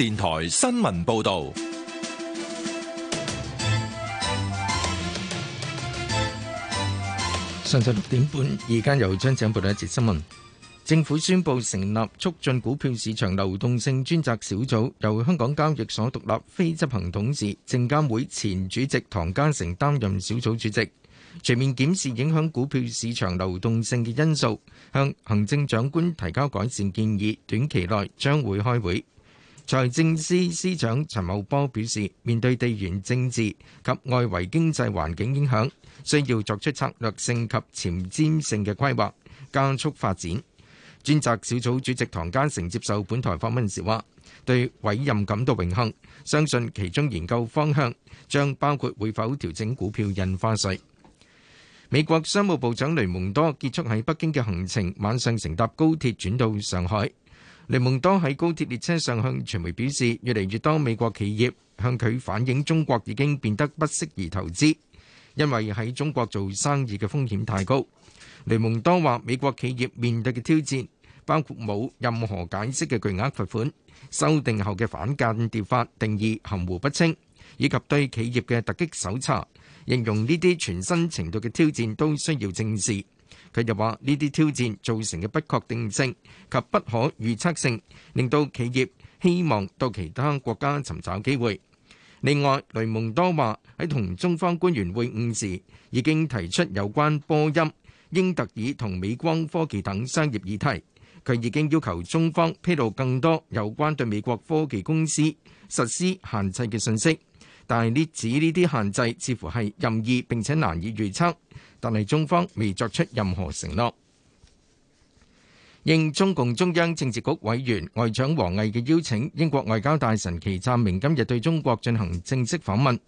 電台新聞報道，清晨六點半，而家又將請報道一節新聞。政府宣布成立促進股票市場流動性專責小組，由香港交易所獨立非執行董事、證監會前主席唐家成擔任小組主席，全面檢視影響股票市場流動性嘅因素，向行政長官提交改善建議。短期內將會開會。財政司司長陳茂波表示，面對地緣政治及外圍經濟環境影響，需要作出策略性及前瞻性嘅規劃，加速發展。專責小組主席唐家成接受本台訪問時話，對委任感到榮幸，相信其中研究方向將包括會否調整股票印花稅。美國商務部長雷蒙多結束喺北京嘅行程，晚上乘搭高鐵轉到上海。雷蒙多喺高鐵列車上向傳媒表示，越嚟越多美國企業向佢反映中國已經變得不適宜投資，因為喺中國做生意嘅風險太高。雷蒙多話：美國企業面對嘅挑戰包括冇任何解釋嘅巨額罰款、修訂後嘅反間諜法定義含糊不清，以及對企業嘅突擊搜查。形容呢啲全新程度嘅挑戰都需要正視。佢又話：呢啲挑戰造成嘅不確定性及不可預測性，令到企業希望到其他國家尋找機會。另外，雷蒙多話喺同中方官員會晤時，已經提出有關波音、英特爾同美光科技等商業議題。佢已經要求中方披露更多有關對美國科技公司實施限制嘅信息，但係呢，指呢啲限制似乎係任意並且難以預測。但係，中方未作出任何承諾。應中共中央政治局委員外長王毅嘅邀請，英國外交大臣祁湛明今日對中國進行正式訪問。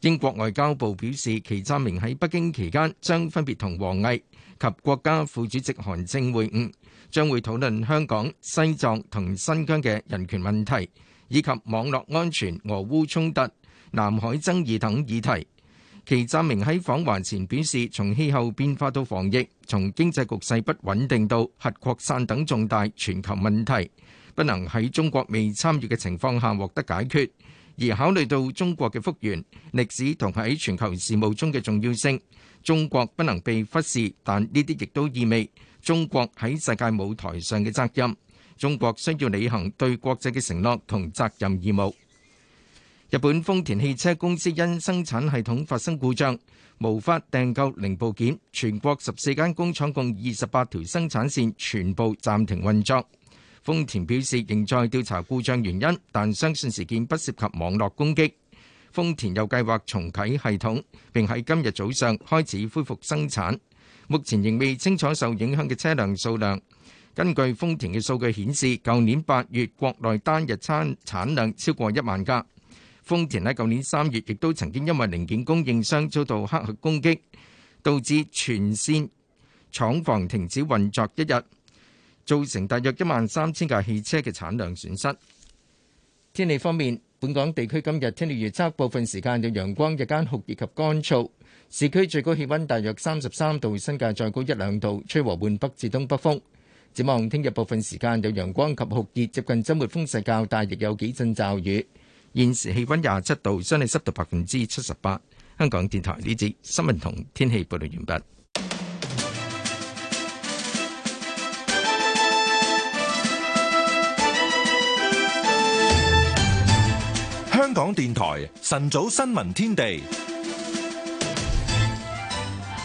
英國外交部表示，祁湛明喺北京期間將分別同王毅及國家副主席韓正會晤，將會討論香港、西藏同新疆嘅人權問題，以及網絡安全、俄烏衝突、南海爭議等議題。其站明喺訪華前表示，從氣候變化到防疫，從經濟局勢不穩定到核擴散等重大全球問題，不能喺中國未參與嘅情況下獲得解決。而考慮到中國嘅復原歷史同喺全球事務中嘅重要性，中國不能被忽視。但呢啲亦都意味中國喺世界舞台上嘅責任。中國需要履行對國際嘅承諾同責任義務。日本豐田汽車公司因生產系統發生故障，無法訂購零部件，全國十四間工廠共二十八條生產線全部暫停運作。豐田表示仍在調查故障原因，但相信事件不涉及網絡攻擊。豐田又計劃重啟系統，並喺今日早上開始恢復生產。目前仍未清楚受影響嘅車輛數量。根據豐田嘅數據顯示，舊年八月國內單日產產量超過一萬架。豐田喺舊年三月亦都曾經因為零件供應商遭到黑客攻擊，導致全線廠房停止運作一日，造成大約一萬三千架汽車嘅產量損失。天氣方面，本港地區今日天氣預測部分時間有陽光，日間酷熱及乾燥，市區最高氣温大約三十三度，新界再高一兩度，吹和緩北至東北風。展望聽日部分時間有陽光及酷熱，接近周末風勢較大，亦有幾陣驟雨。現時氣温廿七度，相對濕度百分之七十八。香港電台呢節新聞同天氣報道完畢。香港電台晨早新聞天地，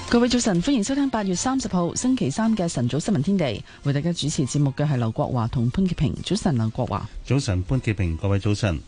各位早晨，歡迎收聽八月三十號星期三嘅晨早新聞天地。為大家主持節目嘅係劉國華同潘潔平。早晨，劉國華。早晨，潘潔平。各位早晨。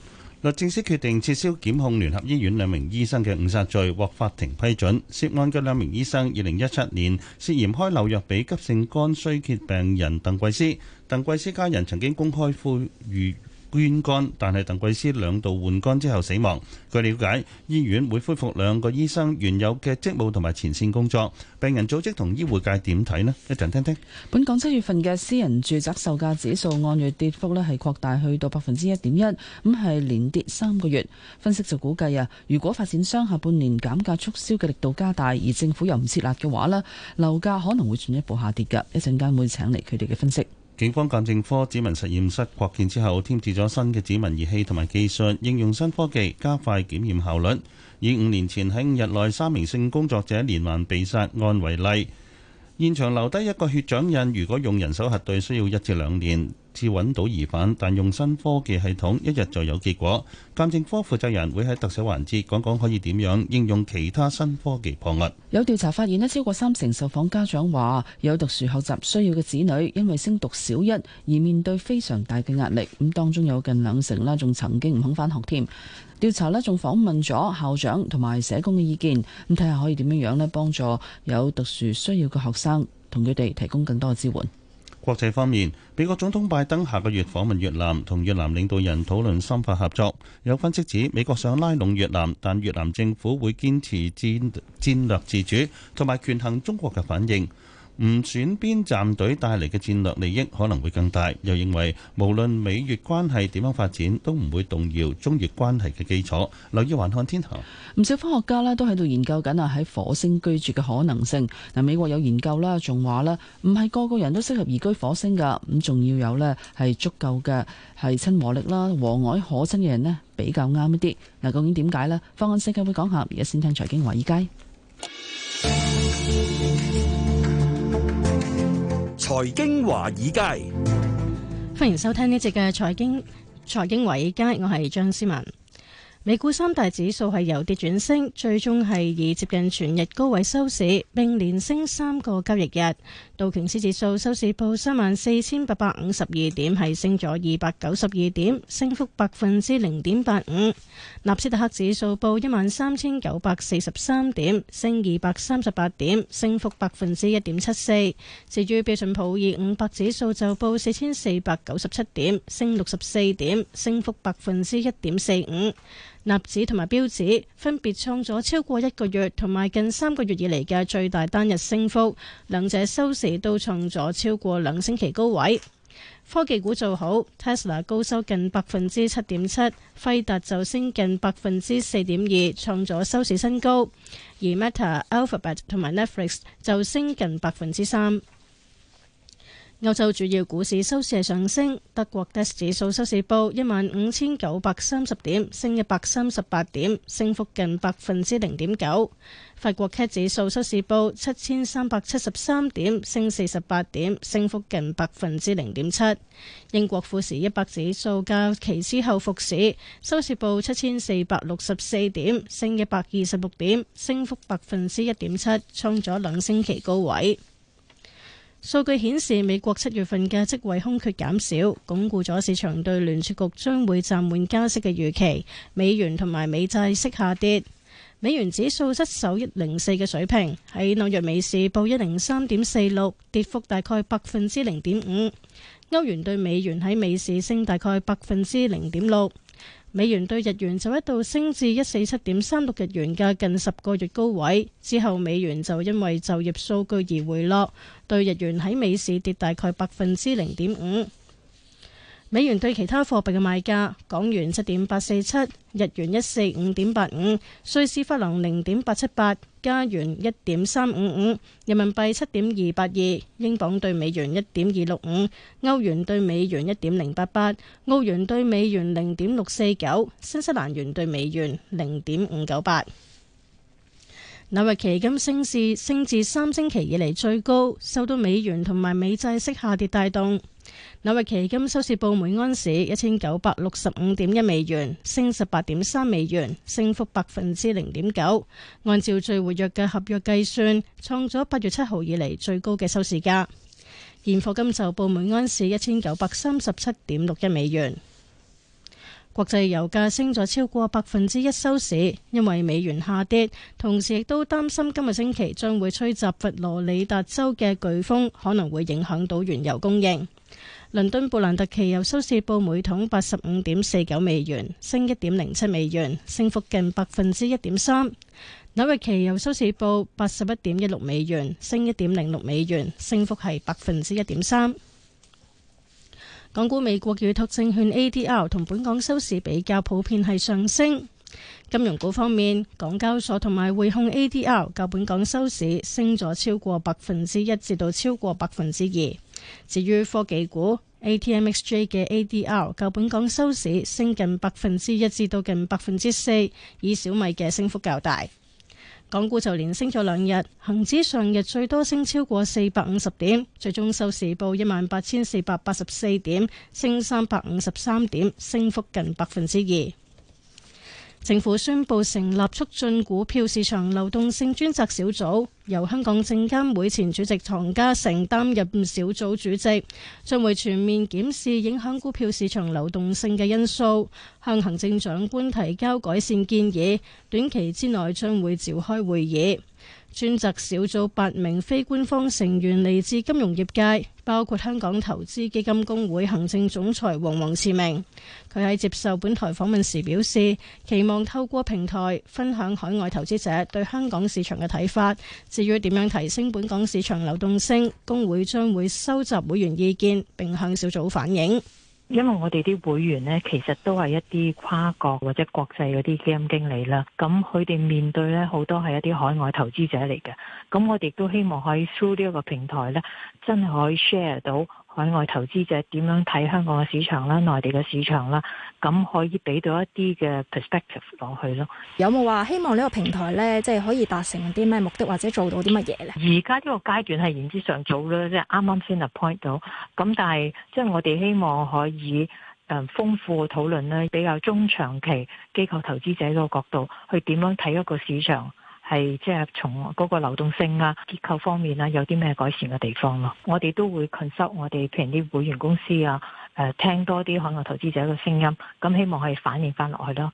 律政司決定撤銷檢控聯合醫院兩名醫生嘅誤殺罪，獲法庭批准。涉案嘅兩名醫生，二零一七年涉嫌開漏藥俾急性肝衰竭病人鄧桂思，鄧桂思家人曾經公開呼籲捐肝，但係鄧桂思兩度換肝之後死亡。據了解，醫院會恢復兩個醫生原有嘅職務同埋前線工作。病人組織同醫護界點睇呢？一陣聽聽。本港七月份嘅私人住宅售價指數按月跌幅呢係擴大去到百分之一點一，咁係連跌三個月。分析就估計啊，如果發展商下半年減價促銷嘅力度加大，而政府又唔設立嘅話咧，樓價可能會進一步下跌噶。一陣間會請嚟佢哋嘅分析。警方鑑證科指紋實驗室擴建之後，添置咗新嘅指紋儀器同埋技術，應用新科技加快檢驗效率。以五年前喺五日內三名性工作者連環被殺案為例，現場留低一個血掌印，如果用人手核對，需要一至兩年。至搵到疑犯，但用新科技系統一日就有結果。鑑證科負責人會喺特寫環節講講可以點樣應用其他新科技破案。有調查發現咧，超過三成受訪家長話有特殊學習需要嘅子女，因為升讀小一而面對非常大嘅壓力。咁當中有近兩成啦，仲曾經唔肯返學添。調查咧仲訪問咗校長同埋社工嘅意見，咁睇下，可以點樣樣咧幫助有特殊需要嘅學生，同佢哋提供更多嘅支援。國際方面，美國總統拜登下個月訪問越南，同越南領導人討論深化合作。有分析指，美國想拉攏越南，但越南政府會堅持戰戰略自主，同埋權衡中國嘅反應。唔選邊站隊，帶嚟嘅戰略利益可能會更大。又認為無論美越關係點樣發展，都唔會動搖中越關係嘅基礎。留意環看天下。唔少科學家咧都喺度研究緊啊，喺火星居住嘅可能性。嗱，美國有研究啦，仲話咧，唔係個個人都適合移居火星噶。咁仲要有呢係足夠嘅係親和力啦，和藹可親嘅人呢比較啱一啲。嗱，究竟點解呢？方案世界會講下，而家先聽財經華爾街。財經華爾街，歡迎收聽呢集嘅財經財經華爾街，我係張思文。美股三大指數係由跌轉升，最終係以接近全日高位收市，並連升三個交易日。道瓊斯指數收市報三萬四千八百五十二點，係升咗二百九十二點，升幅百分之零點八五。納斯達克指數報一萬三千九百四十三點，升二百三十八點，升幅百分之一點七四。至於標準普爾五百指數就報四千四百九十七點，升六十四點，升幅百分之一點四五。納指同埋標指分別創咗超過一個月同埋近三個月以嚟嘅最大單日升幅，兩者收市都創咗超過兩星期高位。科技股做好，Tesla 高收近百分之七點七，輝達就升近百分之四點二，創咗收市新高，而 Meta、Alphabet 同埋 Netflix 就升近百分之三。歐洲主要股市收市上升，德國 DAX 指數收市報一萬五千九百三十點，升一百三十八點，升幅近百分之零點九。法國 CAC 指數收市報七千三百七十三點，升四十八點，升幅近百分之零點七。英國富時一百指數假期之後復市收市報七千四百六十四點，升一百二十六點，升幅百分之一點七，創咗兩星期高位。數據顯示，美國七月份嘅職位空缺減少，鞏固咗市場對聯儲局將會暫緩加息嘅預期。美元同埋美債息下跌，美元指數失守一零四嘅水平，喺紐約美市報一零三點四六，跌幅大概百分之零點五。歐元對美元喺美市升大概百分之零點六。美元兌日元就一度升至一四七點三六日元嘅近十個月高位，之後美元就因為就業數據而回落，兌日元喺美市跌大概百分之零點五。美元對其他貨幣嘅賣價：港元七點八四七，日元一四五點八五，瑞士法郎零點八七八，加元一點三五五，人民幣七點二八二，英鎊對美元一點二六五，歐元對美元一點零八八，澳元對美元零點六四九，新西蘭元對美元零點五九八。紐約期金升市升至三星期以嚟最高，受到美元同埋美債息下跌帶動。紐約期金收市報每盎司一千九百六十五點一美元，升十八點三美元，升幅百分之零點九。按照最活躍嘅合約計算，創咗八月七號以嚟最高嘅收市價。現貨金就報每盎司一千九百三十七點六一美元。國際油價升咗超過百分之一收市，因為美元下跌，同時亦都擔心今個星期將會吹襲佛羅里達州嘅颶風，可能會影響到原油供應。倫敦布蘭特期油收市報每桶八十五點四九美元，升一點零七美元，升幅近百分之一點三。紐約期油收市報八十一點一六美元，升一點零六美元，升幅係百分之一點三。港股美國預託證券 ADR 同本港收市比較普遍係上升。金融股方面，港交所同埋匯控 ADR 較本港收市升咗超過百分之一至到超過百分之二。至於科技股，ATMXJ 嘅 ADR 較本港收市升近百分之一至到近百分之四，以小米嘅升幅較大。港股就連升咗兩日，恒指上日最多升超過四百五十點，最終收市報一萬八千四百八十四點，升三百五十三點，升幅近百分之二。政府宣布成立促進股票市場流動性專責小組，由香港證監會前主席唐家成擔任小組主席，將會全面檢視影響股票市場流動性嘅因素，向行政長官提交改善建議，短期之內將會召開會議。專責小組八名非官方成員嚟自金融業界，包括香港投資基金公會行政總裁黃王慈明。佢喺接受本台訪問時表示，期望透過平台分享海外投資者對香港市場嘅睇法。至於點樣提升本港市場流動性，公會將會收集會員意見，並向小組反映。因為我哋啲會員呢，其實都係一啲跨國或者國際嗰啲基金經理啦，咁佢哋面對呢，好多係一啲海外投資者嚟嘅，咁我哋都希望可以 through 呢一個平台呢，真係可以 share 到。海外投資者點樣睇香港嘅市場啦、內地嘅市場啦，咁可以俾到一啲嘅 perspective 落去咯。有冇話希望呢個平台呢，即係可以達成啲咩目的，或者做到啲乜嘢呢？而家呢個階段係言之尚早啦，即係啱啱先 appoint 到。咁但係即係我哋希望可以誒豐富討論呢，比較中長期機構投資者嘅角度，去點樣睇一個市場。.係即係從嗰個流動性啊、結構方面啊，有啲咩改善嘅地方咯，啊。我哋都會吸收我哋譬如啲會員公司啊，誒、呃，聽多啲海外投資者嘅聲音，咁希望可以反映翻落去咯。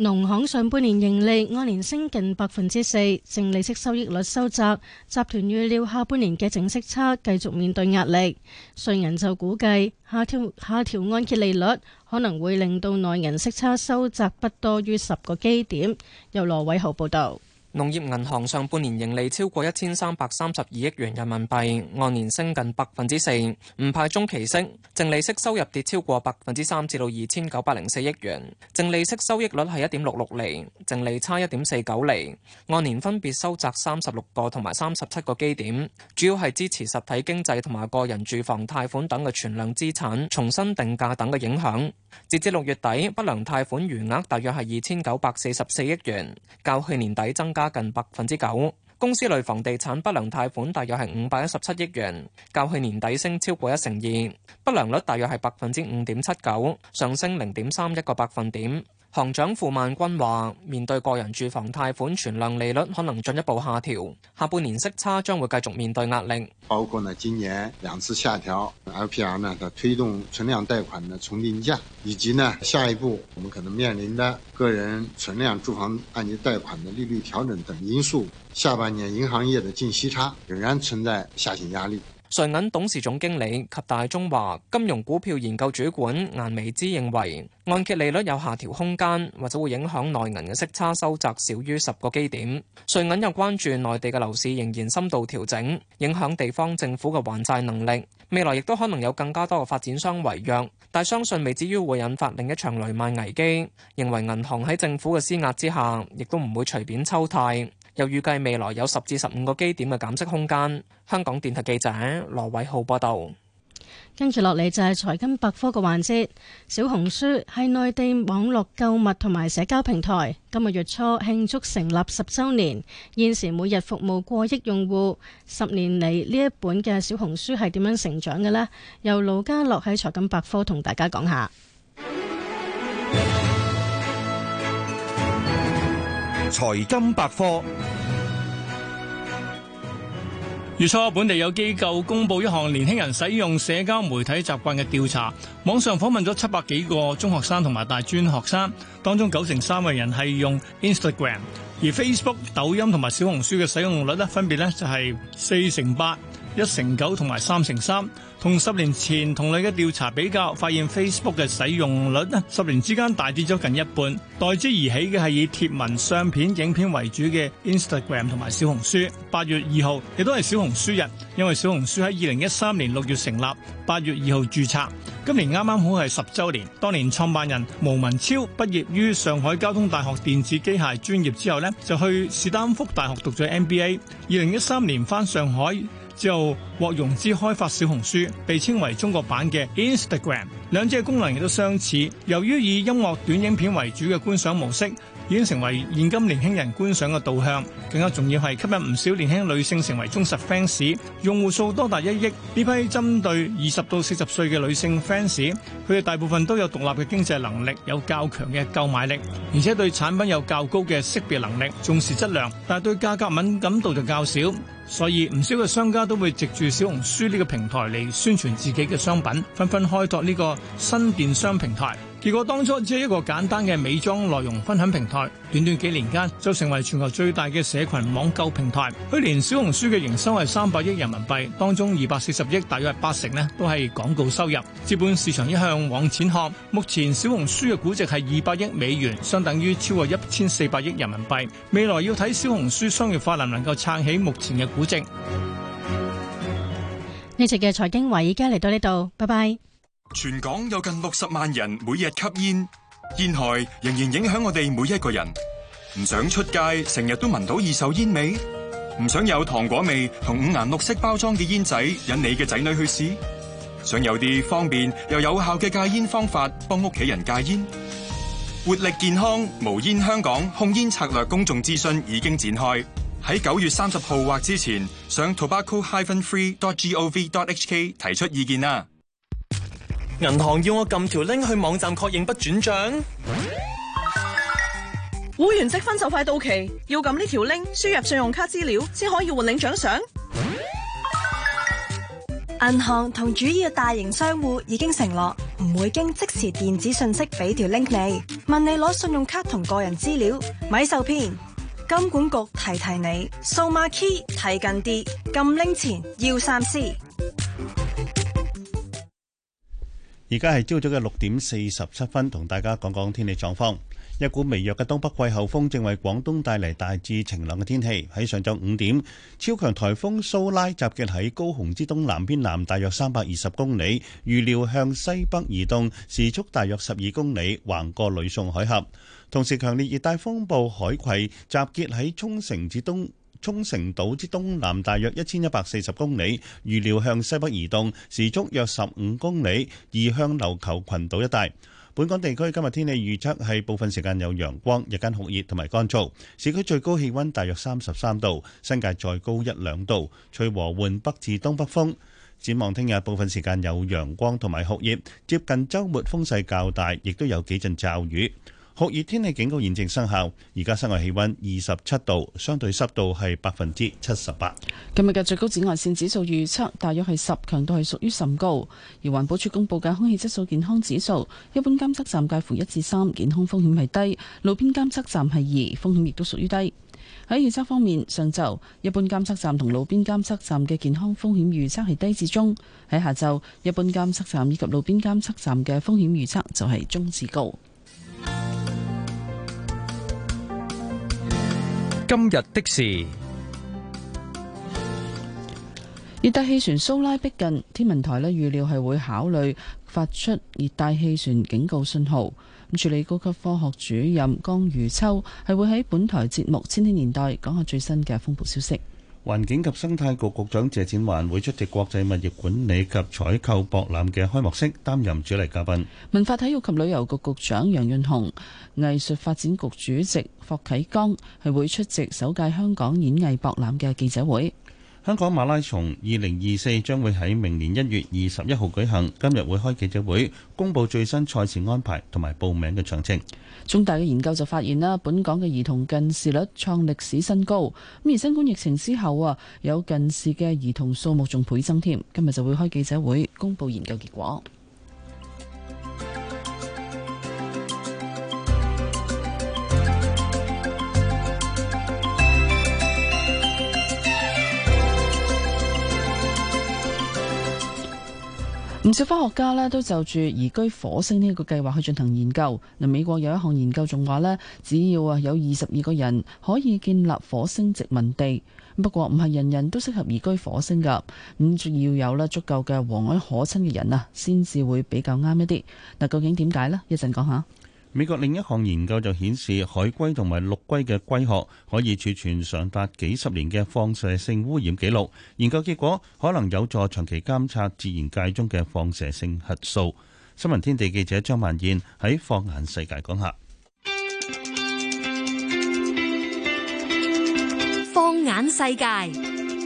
農行上半年盈利按年升近百分之四，淨利息收益率收窄。集團預料下半年嘅淨息差繼續面對壓力。瑞銀就估計，下調下調按揭利率可能會令到內銀息差收窄不多於十個基點。由羅偉豪報道。農業銀行上半年盈利超過一千三百三十二億元人民幣，按年升近百分之四，唔派中期息，淨利息收入跌超過百分之三，至到二千九百零四億元，淨利息收益率係一點六六厘，淨利差一點四九厘，按年分別收窄三十六個同埋三十七個基點，主要係支持實體經濟同埋個人住房貸款等嘅存量資產重新定價等嘅影響。截至六月底，不良貸款餘額額大約係二千九百四十四億元，較去年底增加。加近百分之九，公司類房地產不良貸款大約係五百一十七億元，較去年底升超過一成二，不良率大約係百分之五點七九，上升零點三一個百分點。行長傅萬軍話：面對個人住房貸款存量利率可能進一步下調，下半年息差將會繼續面對壓力。包括呢，今年兩次下調 LPR 呢，它推動存量貸款的重定價，以及呢，下一步我們可能面臨的個人存量住房按揭貸款的利率調整等因素，下半年銀行業的淨息差仍然存在下行壓力。瑞銀董事總經理及大中華金融股票研究主管顏美姿認為，按揭利率有下調空間，或者會影響內銀嘅息差收窄少於十個基點。瑞銀又關注內地嘅樓市仍然深度調整，影響地方政府嘅還債能力，未來亦都可能有更加多嘅發展商違約，但相信未至於會引發另一場雷曼危機。認為銀行喺政府嘅施壓之下，亦都唔會隨便抽貸。又預計未來有十至十五個基點嘅減息空間。香港電台記者羅偉浩報道。跟住落嚟就係財金百科嘅環節。小紅書係內地網絡購物同埋社交平台，今個月初慶祝成立十週年。現時每日服務過億用戶。十年嚟呢一本嘅小紅書係點樣成長嘅呢？由盧家樂喺財金百科同大家講下。財金百科，月初本地有機構公布一項年輕人使用社交媒體習慣嘅調查，網上訪問咗七百幾個中學生同埋大專學生，當中九成三嘅人係用 Instagram，而 Facebook、抖音同埋小紅書嘅使用率呢，分別呢就係四成八、一成九同埋三成三。同十年前同類嘅調查比較，發現 Facebook 嘅使用率呢十年之間大跌咗近一半。代之而起嘅係以貼文、相片、影片為主嘅 Instagram 同埋小紅書。八月二號亦都係小紅書日，因為小紅書喺二零一三年六月成立，八月二號註冊，今年啱啱好係十週年。當年創辦人毛文超畢業於上海交通大學電子機械專業之後呢，就去士丹福大學讀咗 MBA。二零一三年翻上海。之後獲融資開發小紅書，被稱為中國版嘅 Instagram，兩者功能亦都相似。由於以音樂短影片為主嘅觀賞模式。已經成為現今年輕人觀賞嘅導向，更加重要係吸引唔少年輕女性成為忠實 fans，用戶數多達一億。呢批針對二十到四十歲嘅女性 fans，佢哋大部分都有獨立嘅經濟能力，有較強嘅購買力，而且對產品有較高嘅識別能力，重視質量，但係對價格敏感度就較少。所以唔少嘅商家都會藉住小紅書呢個平台嚟宣傳自己嘅商品，紛紛開拓呢個新電商平台。結果當初只係一個簡單嘅美妝內容分享平台，短短幾年間就成為全球最大嘅社群網購平台。去年小紅書嘅營收係三百億人民幣，當中二百四十億大約係八成咧都係廣告收入。資本市場一向往前看，目前小紅書嘅估值係二百億美元，相等於超過一千四百億人民幣。未來要睇小紅書商業化能唔能夠撐起目前嘅估值。呢集嘅財經話，而家嚟到呢度，拜拜。全港有近60萬人每日吸煙，煙害仍然影響我哋每一個人，唔想出街成日都聞到二手煙味，唔想有糖果味同五顏六色包裝嘅煙仔引你嘅仔女去試，想有啲方便又有效嘅戒煙方法幫屋企人戒煙。活力健康，無煙香港控煙策略公眾諮詢已經展開，在9月30號或之前，上 tobacco-free.gov.hk 提出意見啦。銀行要我撳條 link 去網站確認不轉賬，會員積分就快到期，要撳呢條 link 輸入信用卡資料先可以換領獎賞。銀行同主要大型商戶已經承諾唔會經即時電子信息俾條 link 你，問你攞信用卡同個人資料咪受騙？金管局提提你，數碼 key 提近啲，撳 link 前要三思。而家係朝早嘅六點四十七分，同大家講講天氣狀況。一股微弱嘅東北季候風正為廣東帶嚟大致晴朗嘅天氣。喺上晝五點，超強台風蘇拉集結喺高雄之東南偏南大約三百二十公里，預料向西北移動，時速大約十二公里，橫過呂宋海峽。同時，強烈熱帶風暴海葵集結喺沖繩之東。沖繩島之東南大約一千一百四十公里，預料向西北移動，時速約十五公里，移向琉球群島一帶。本港地區今日天氣預測係部分時間有陽光，日間酷熱同埋乾燥，市區最高氣溫大約三十三度，新界再高一兩度，吹和緩北至東北風。展望聽日部分時間有陽光同埋酷熱，接近週末風勢較大，亦都有幾陣驟雨。酷熱天氣警告現正生效，而家室外氣溫二十七度，相對濕度係百分之七十八。今日嘅最高紫外線指數預測大約係十，強度係屬於甚高。而環保署公布嘅空氣質素健康指數，一般監測站介乎一至三，健康風險係低；路邊監測站係二，風險亦都屬於低。喺預測方面，上晝一般監測站同路邊監測站嘅健康風險預測係低至中；喺下晝，一般監測站以及路邊監測站嘅風險預測就係中至高。今日的事，熱帶氣旋蘇拉逼近，天文台呢預料係會考慮發出熱帶氣旋警告信號。咁，處理高級科學主任江如秋係會喺本台節目《千禧年代》講下最新嘅風暴消息。環境及生態局局長謝展寰會出席國際物業管理及採購博覽嘅開幕式，擔任主禮嘉賓。文化體育及旅遊局局長楊潤雄、藝術發展局主席霍啟剛係會出席首屆香港演藝博覽嘅記者會。香港馬拉松二零二四將會喺明年一月二十一號舉行，今日會開記者會公佈最新賽事安排同埋報名嘅詳情。中大嘅研究就發現啦，本港嘅兒童近視率創歷史新高。咁而新冠疫情之後啊，有近視嘅兒童數目仲倍增添。今日就會開記者會公佈研究結果。唔少科學家咧都就住移居火星呢一個計劃去進行研究。嗱，美國有一項研究仲話咧，只要啊有二十二個人可以建立火星殖民地。不過唔係人人都適合移居火星噶，咁仲要有啦足夠嘅和藹可親嘅人啊，先至會比較啱一啲。嗱，究竟點解呢？一陣講下。美國另一項研究就顯示，海龜同埋陸龜嘅龜殼可以儲存上達幾十年嘅放射性污染記錄。研究結果可能有助長期監察自然界中嘅放射性核素。新聞天地記者張萬燕喺放眼世界講下。放眼世界。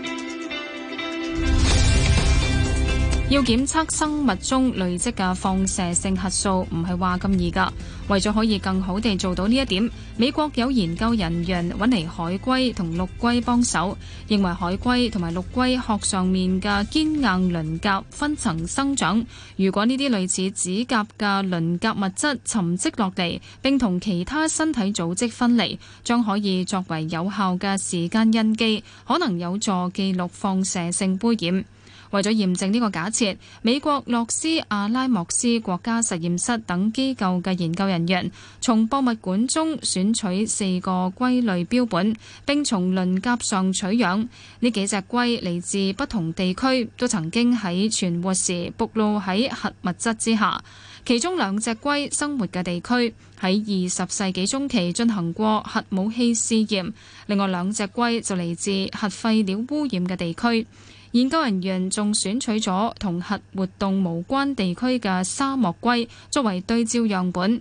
要檢測生物中累積嘅放射性核素，唔係話咁易噶。為咗可以更好地做到呢一點，美國有研究人員揾嚟海龜同陸龜幫手，認為海龜同埋陸龜殼上面嘅堅硬鱗甲分層生長。如果呢啲類似指甲嘅鱗甲物質沉積落地，並同其他身體組織分離，將可以作為有效嘅時間印記，可能有助記錄放射性污染。為咗驗證呢個假設，美國洛斯阿拉莫斯國家實驗室等機構嘅研究人員從博物館中選取四個龜類標本，並從鱗甲上取樣。呢幾隻龜嚟自不同地區，都曾經喺存活時暴露喺核物質之下。其中兩隻龜生活嘅地區喺二十世紀中期進行過核武器試驗，另外兩隻龜就嚟自核廢料污染嘅地區。研究人員仲選取咗同核活動無關地區嘅沙漠龜作為對照樣本。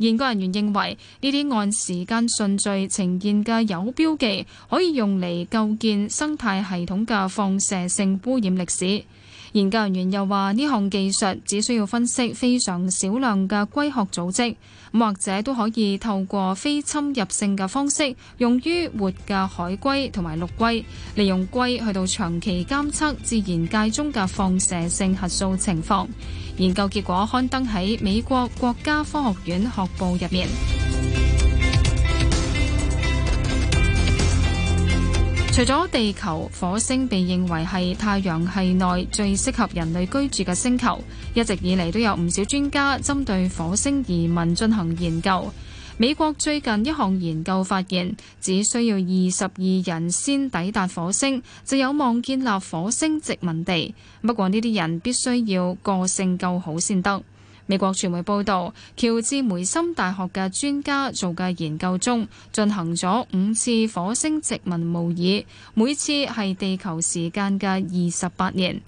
研究人員認為，呢啲按時間順序呈現嘅有標記可以用嚟構建生態系統嘅放射性污染歷史。研究人員又話：呢項技術只需要分析非常少量嘅龜殼組織，或者都可以透過非侵入性嘅方式，用於活嘅海龜同埋陸龜，利用龜去到長期監測自然界中嘅放射性核素情況。研究結果刊登喺美國國家科學院學報入面。 除咗地球、火星被認為係太陽系內最適合人類居住嘅星球，一直以嚟都有唔少專家針對火星移民進行研究。美國最近一項研究發現，只需要二十二人先抵達火星，就有望建立火星殖民地。不過，呢啲人必須要個性夠好先得。美國傳媒報道，喬治梅森大學嘅專家做嘅研究中進行咗五次火星殖民模擬，每次係地球時間嘅二十八年。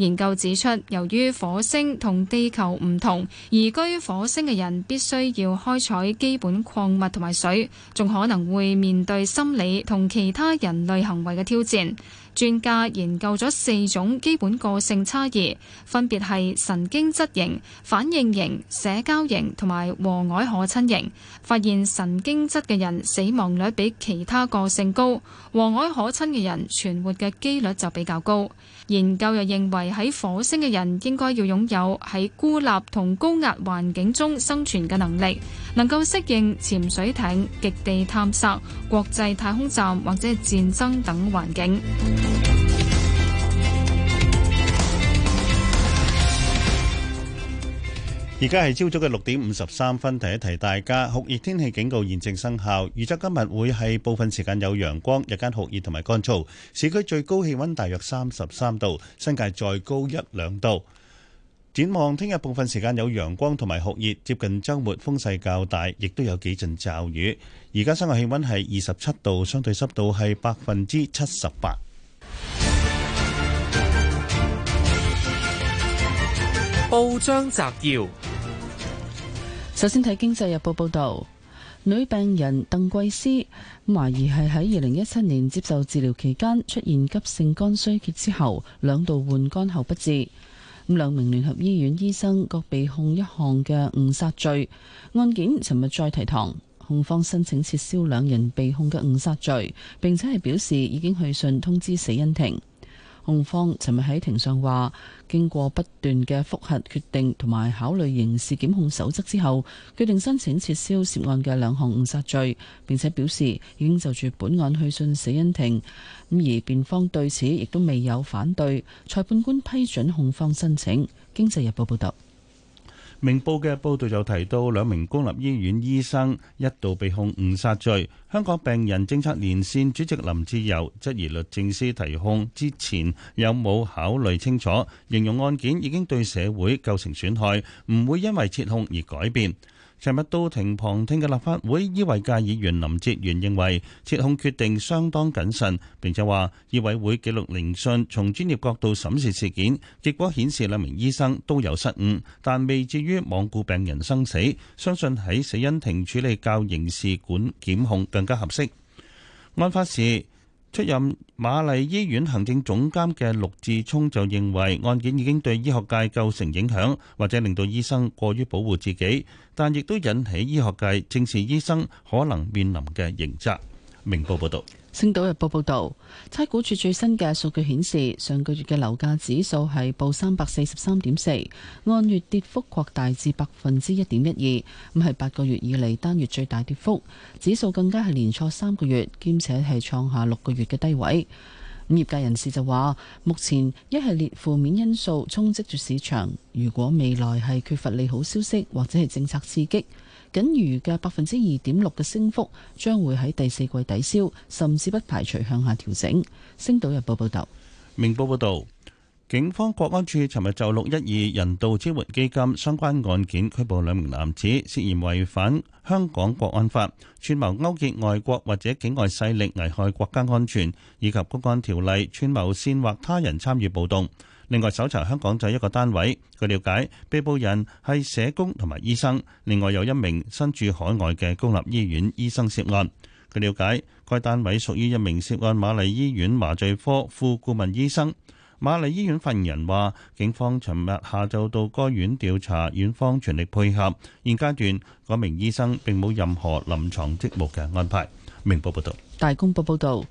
研究指出，由於火星同地球唔同，移居火星嘅人必須要開採基本礦物同埋水，仲可能會面對心理同其他人類行為嘅挑戰。專家研究咗四種基本個性差異，分別係神經質型、反應型、社交型同埋和藹可親型。發現神經質嘅人死亡率比其他個性高，和藹可親嘅人存活嘅機率就比較高。研究又認為，喺火星嘅人應該要擁有喺孤立同高壓環境中生存嘅能力，能夠適應潛水艇、極地探測、國際太空站或者係戰爭等環境。而家係朝早嘅六點五十三分，提一提大家酷熱天氣警告現正生效。預測今日會係部分時間有陽光，日間酷熱同埋乾燥。市區最高氣溫大約三十三度，新界再高一兩度。展望聽日部分時間有陽光同埋酷熱，接近週末風勢較大，亦都有幾陣驟雨。而家室外氣溫係二十七度，相對濕度係百分之七十八。報章摘要。首先睇《經濟日報》報道，女病人鄧桂思懷疑係喺二零一七年接受治療期間出現急性肝衰竭之後，兩度換肝後不治。咁兩名聯合醫院醫生各被控一項嘅誤殺罪，案件尋日再提堂，控方申請撤銷兩人被控嘅誤殺罪，並且係表示已經去信通知死因庭。控方尋日喺庭上話，經過不斷嘅複核決定同埋考慮刑事檢控守則之後，決定申請撤銷涉案嘅兩項誤殺罪，並且表示已經就住本案去信死因庭。咁而辯方對此亦都未有反對。裁判官批准控方申請。經濟日報報道。明報嘅報導就提到，兩名公立醫院醫生一度被控誤殺罪。香港病人政策連線主席林志友質疑律政司提控之前有冇考慮清楚，形容案件已經對社會構成損害，唔會因為撤控而改變。尋日到庭旁聽嘅立法會醫衛界議員林哲元認為，撤控決定相當謹慎，並且話醫委會記錄聆訊，從專業角度審視事件，結果顯示兩名醫生都有失誤，但未至於罔顧病人生死。相信喺死因庭處理較刑事管檢控更加合適。案發時出任瑪麗醫院行政總監嘅陸志聰就認為，案件已經對醫學界構成影響，或者令到醫生過於保護自己。但亦都引起醫學界正視醫生可能面臨嘅刑責。明報報道。《星島日報》報道，差估處最新嘅數據顯示，上個月嘅樓價指數係報三百四十三點四，按月跌幅擴大至百分之一點一二，咁係八個月以嚟單月最大跌幅，指數更加係連挫三個月，兼且係創下六個月嘅低位。業界人士就話：目前一系列負面因素衝擊住市場，如果未來係缺乏利好消息或者係政策刺激，僅餘嘅百分之二點六嘅升幅將會喺第四季抵消，甚至不排除向下調整。星島日報報道。明報報導。警方國安處尋日就六一二人道支援基金相關案件拘捕兩名男子，涉嫌違反香港國安法，串謀勾結外國或者境外勢力危害國家安全，以及公安條例，串謀煽惑他人參與暴動。另外，搜查香港就一個單位。據了解，被捕人係社工同埋醫生，另外有一名身處海外嘅公立醫院醫生涉案。據了解，該單位屬於一名涉案瑪麗醫院麻醉科副顧問醫生。瑪麗醫院發言人話，警方尋日下晝到該院調查，院方全力配合。現階段，嗰名醫生並冇任何臨床職務嘅安排。明報報道，大公報報道，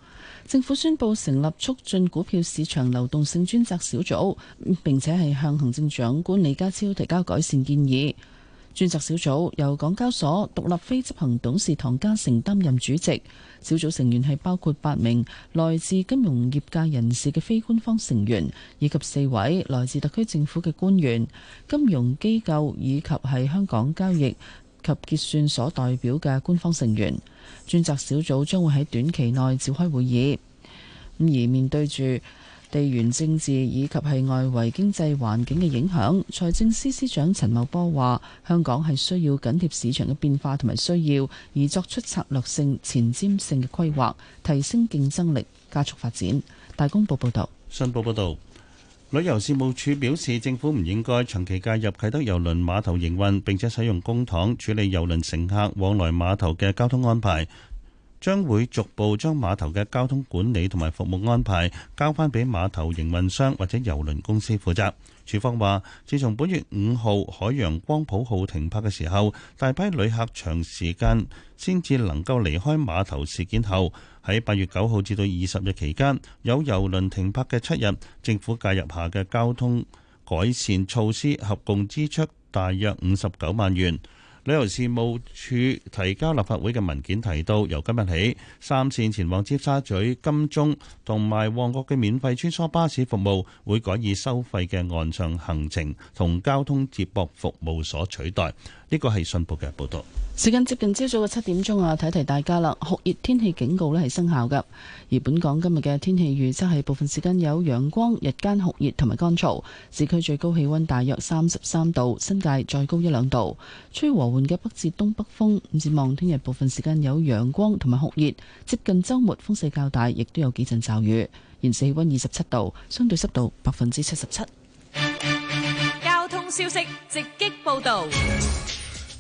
政府宣布成立促進股票市場流動性專責小組，並且係向行政長官李家超提交改善建議。專責小組由港交所獨立非執行董事唐家成擔任主席。小組成員係包括八名來自金融業界人士嘅非官方成員，以及四位來自特區政府嘅官員、金融機構以及係香港交易及結算所代表嘅官方成員。專責小組將會喺短期內召開會議，而面對住地緣政治以及係外圍經濟環境嘅影響，財政司司長陳茂波話：香港係需要緊貼市場嘅變化同埋需要，而作出策略性前瞻性嘅規劃，提升競爭力，加速發展。大公報報道。新報報導，旅遊事務處表示，政府唔應該長期介入啟德郵輪碼頭營運，並且使用公帑處理郵輪乘客往來碼頭嘅交通安排。將會逐步將碼頭嘅交通管理同埋服務安排交翻俾碼頭營運商或者郵輪公司負責。處方話，自從本月五號海洋光譜號停泊嘅時候，大批旅客長時間先至能夠離開碼頭事件後，喺八月九號至到二十日期間，有郵輪停泊嘅七日，政府介入下嘅交通改善措施合共支出大約五十九萬元。旅遊事務處提交立法會嘅文件提到，由今日起，三線前往尖沙咀、金鐘同埋旺角嘅免費穿梭巴士服務，會改以收費嘅岸上行程同交通接駁服務所取代。呢個係信報嘅報道。時間接近朝早嘅七點鐘啊，提提大家啦。酷熱天氣警告呢係生效㗎，而本港今日嘅天氣預測係部分時間有陽光，日間酷熱同埋乾燥。市區最高氣溫大約三十三度，新界再高一兩度。吹和緩嘅北至東北風。展望聽日部分時間有陽光同埋酷熱，接近週末風勢較大，亦都有幾陣驟雨。現時氣溫二十七度，相對濕度百分之七十七。交通消息直擊報道。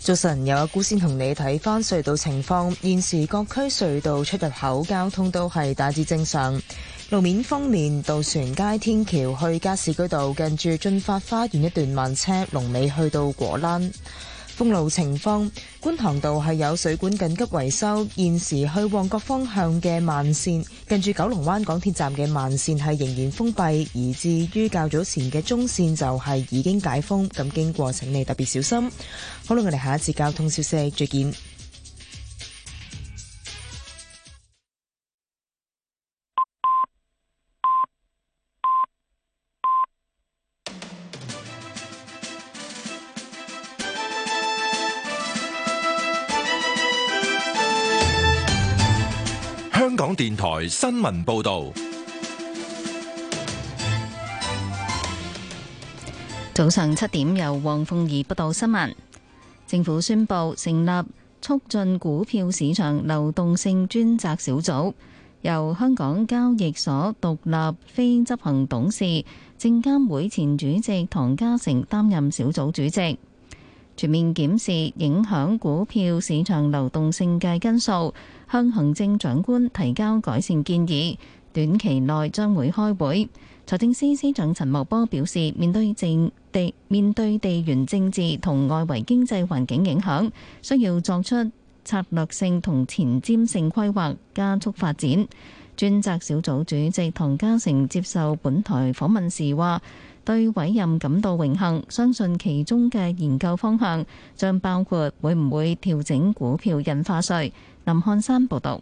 早晨，有阿姑先同你睇翻隧道情況。現時各區隧道出入口交通都係大致正常。路面方面，渡船街天橋去加士居道近住駿發花園一段慢車，龍尾去到果欄。封路情況，觀塘道係有水管緊急維修，現時去旺角方向嘅慢線，近住九龍灣港鐵站嘅慢線係仍然封閉，而至於較早前嘅中線就係已經解封，咁經過請你特別小心。好啦，我哋下一次交通消息再見。香港電台新聞報道，早上七點由黃鳳儀報道新聞。政府宣布成立促進股票市場流動性專責小組，由香港交易所獨立非執行董事、證監會前主席唐家成擔任小組主席。全面檢視影響股票市場流動性嘅因素，向行政長官提交改善建議。短期內將會開會。財政司司長陳茂波表示，面對政地面對地緣政治同外圍經濟環境影響，需要作出策略性同前瞻性規劃，加速發展。專責小組主席唐家成接受本台訪問時話，對委任感到榮幸，相信其中嘅研究方向將包括會唔會調整股票印花稅。林漢山報導。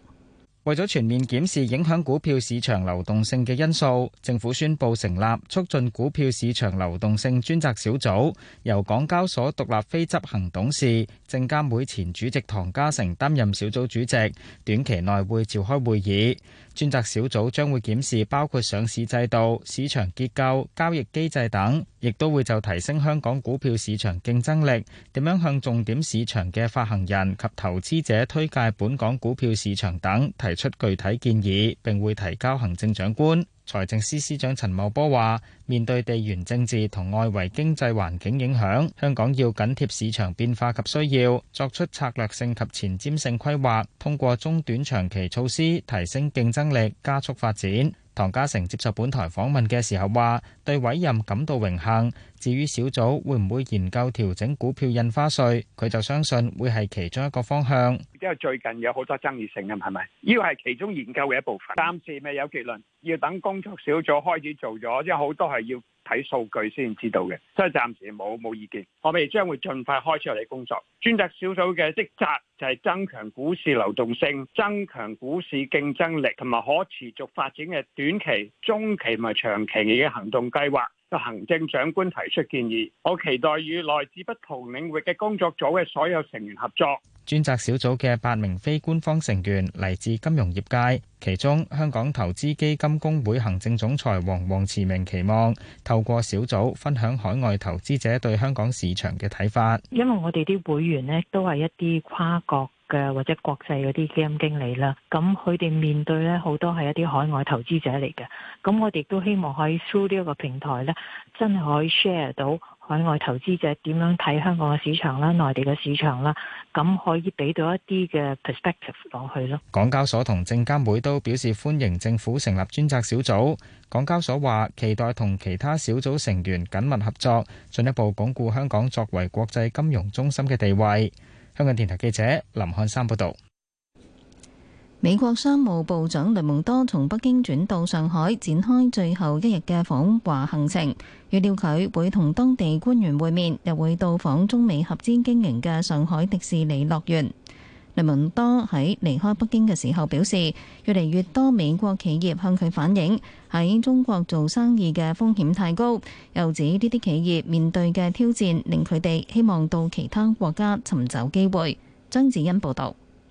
為咗全面檢視影響股票市場流動性嘅因素，政府宣布成立促進股票市場流動性專責小組，由港交所獨立非執行董事、證監會前主席唐家成擔任小組主席。短期內會召開會議，專責小組將會檢視包括上市制度、市場結構、交易機制等。亦都會就提升香港股票市場競爭力，點樣向重點市場嘅發行人及投資者推介本港股票市場等，提出具體建議，並會提交行政長官。財政司司長陳茂波話：面對地緣政治同外圍經濟環境影響，香港要緊貼市場變化及需要，作出策略性及前瞻性規劃，通過中短長期措施提升競爭力，加速發展。唐家成接受本台訪問嘅時候話，對委任感到榮幸。至於小組會唔會研究調整股票印花稅，佢就相信會係其中一個方向。因為最近有好多爭議性嘅，係咪？呢個係其中研究嘅一部分，暫時未有結論，要等工作小組開始做咗，即係好多係要。睇數據先知道嘅，所以暫時冇冇意見。我哋將會盡快開始我哋工作，專責小組嘅職責就係增強股市流動性、增強股市競爭力同埋可持續發展嘅短期、中期同埋長期嘅行動計劃。行政長官提出建議，我期待與來自不同領域嘅工作組嘅所有成員合作。專責小組嘅八名非官方成員嚟自金融業界，其中香港投資基金公會行政總裁黃黃慈明期望透過小組分享海外投資者對香港市場嘅睇法。因為我哋啲會員咧都係一啲跨國嘅或者國際嗰啲基金經理啦，咁佢哋面對咧好多係一啲海外投資者嚟嘅，咁我哋都希望可以 through 呢個平台，真係可以 share 到海外投資者點樣睇香港嘅市場啦、內地嘅市場啦，咁可以俾到一啲嘅 perspective 落去咯。港交所同證監會都表示歡迎政府成立專責小組。港交所話期待同其他小組成員緊密合作，進一步鞏固香港作為國際金融中心嘅地位。香港電台記者林漢山報道。美國商務部長雷蒙多從北京轉到上海，展開最後一日嘅訪華行程。預料佢會同當地官員會面，又會到訪中美合資經營嘅上海迪士尼樂園。雷蒙多喺離開北京嘅時候表示，越嚟越多美國企業向佢反映，喺中國做生意嘅風險太高，又指呢啲企業面對嘅挑戰令佢哋希望到其他國家尋找機會。張子欣報道。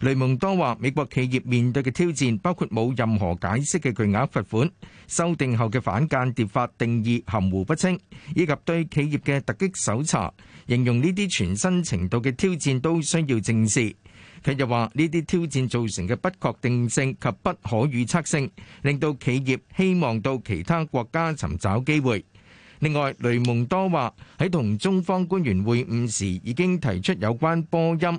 雷蒙多話：美國企業面對嘅挑戰包括冇任何解釋嘅巨額罰款、修訂後嘅反間諜法定義含糊不清，以及對企業嘅突擊搜查。形容呢啲全新程度嘅挑戰都需要正視。佢又話：呢啲挑戰造成嘅不確定性及不可預測性，令到企業希望到其他國家尋找機會。另外，雷蒙多話喺同中方官員會晤時已經提出有關波音、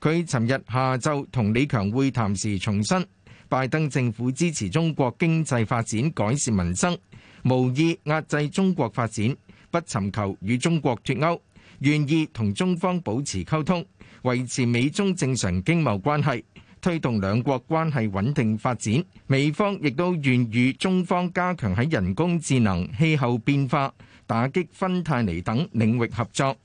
佢尋日下晝同李強會談時重申，拜登政府支持中國經濟發展、改善民生，無意壓制中國發展，不尋求與中國脱鉤，願意同中方保持溝通，維持美中正常經貿關係，推動兩國關係穩定發展。美方亦都願意與中方加強喺人工智能、氣候變化、打擊芬太尼等領域合作。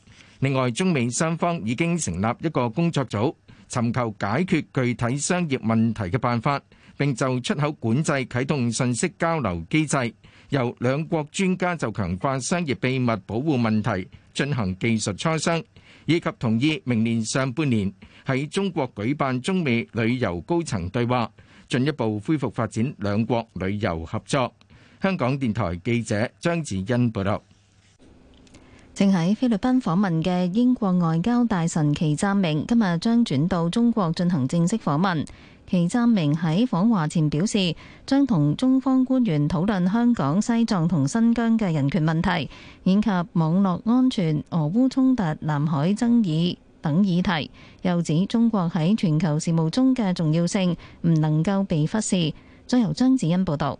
另外，中美雙方已經成立一個工作組，尋求解決具體商業問題嘅辦法，並就出口管制啟動信息交流機制，由兩國專家就強化商業秘密保護問題進行技術磋商，以及同意明年上半年喺中國舉辦中美旅遊高層對話，進一步恢復發展兩國旅遊合作。香港電台記者張子欣報道。正喺菲律賓訪問嘅英國外交大臣祁湛明今日將轉到中國進行正式訪問。祁湛明喺訪華前表示，將同中方官員討論香港、西藏同新疆嘅人權問題，以及網絡安全、俄烏衝突、南海爭議等議題。又指中國喺全球事務中嘅重要性唔能夠被忽視。再由張子欣報道。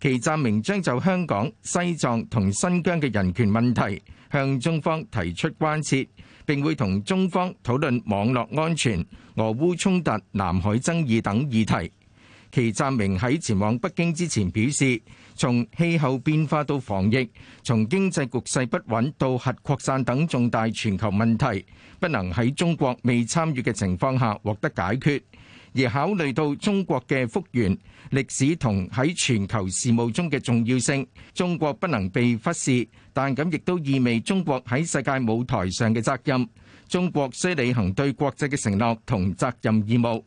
祁贊明將就香港、西藏同新疆嘅人權問題向中方提出關切，並會同中方討論網絡安全、俄烏衝突、南海爭議等議題。祁贊明喺前往北京之前表示，從氣候變化到防疫，從經濟局勢不穩到核擴散等重大全球問題，不能喺中國未參與嘅情況下獲得解決。而考慮到中國嘅復原，歷史同喺全球事務中嘅重要性，中國不能被忽視，但咁亦都意味中國喺世界舞台上嘅責任。中國需履行對國際嘅承諾同責任義務。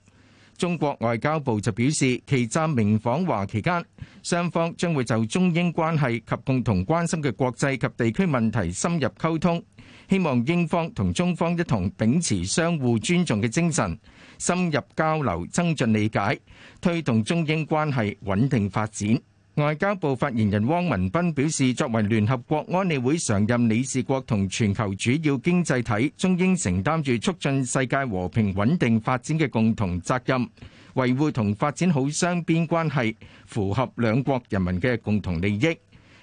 中國外交部就表示，祁湛明訪華期間，雙方將會就中英關係及共同關心嘅國際及地區問題深入溝通，希望英方同中方一同秉持相互尊重嘅精神，深入交流，增進理解，推動中英關係穩定發展。外交部發言人汪文斌表示，作為聯合國安理會常任理事國同全球主要經濟體，中英承擔住促進世界和平穩定發展嘅共同責任，維護同發展好雙邊關係，符合兩國人民嘅共同利益。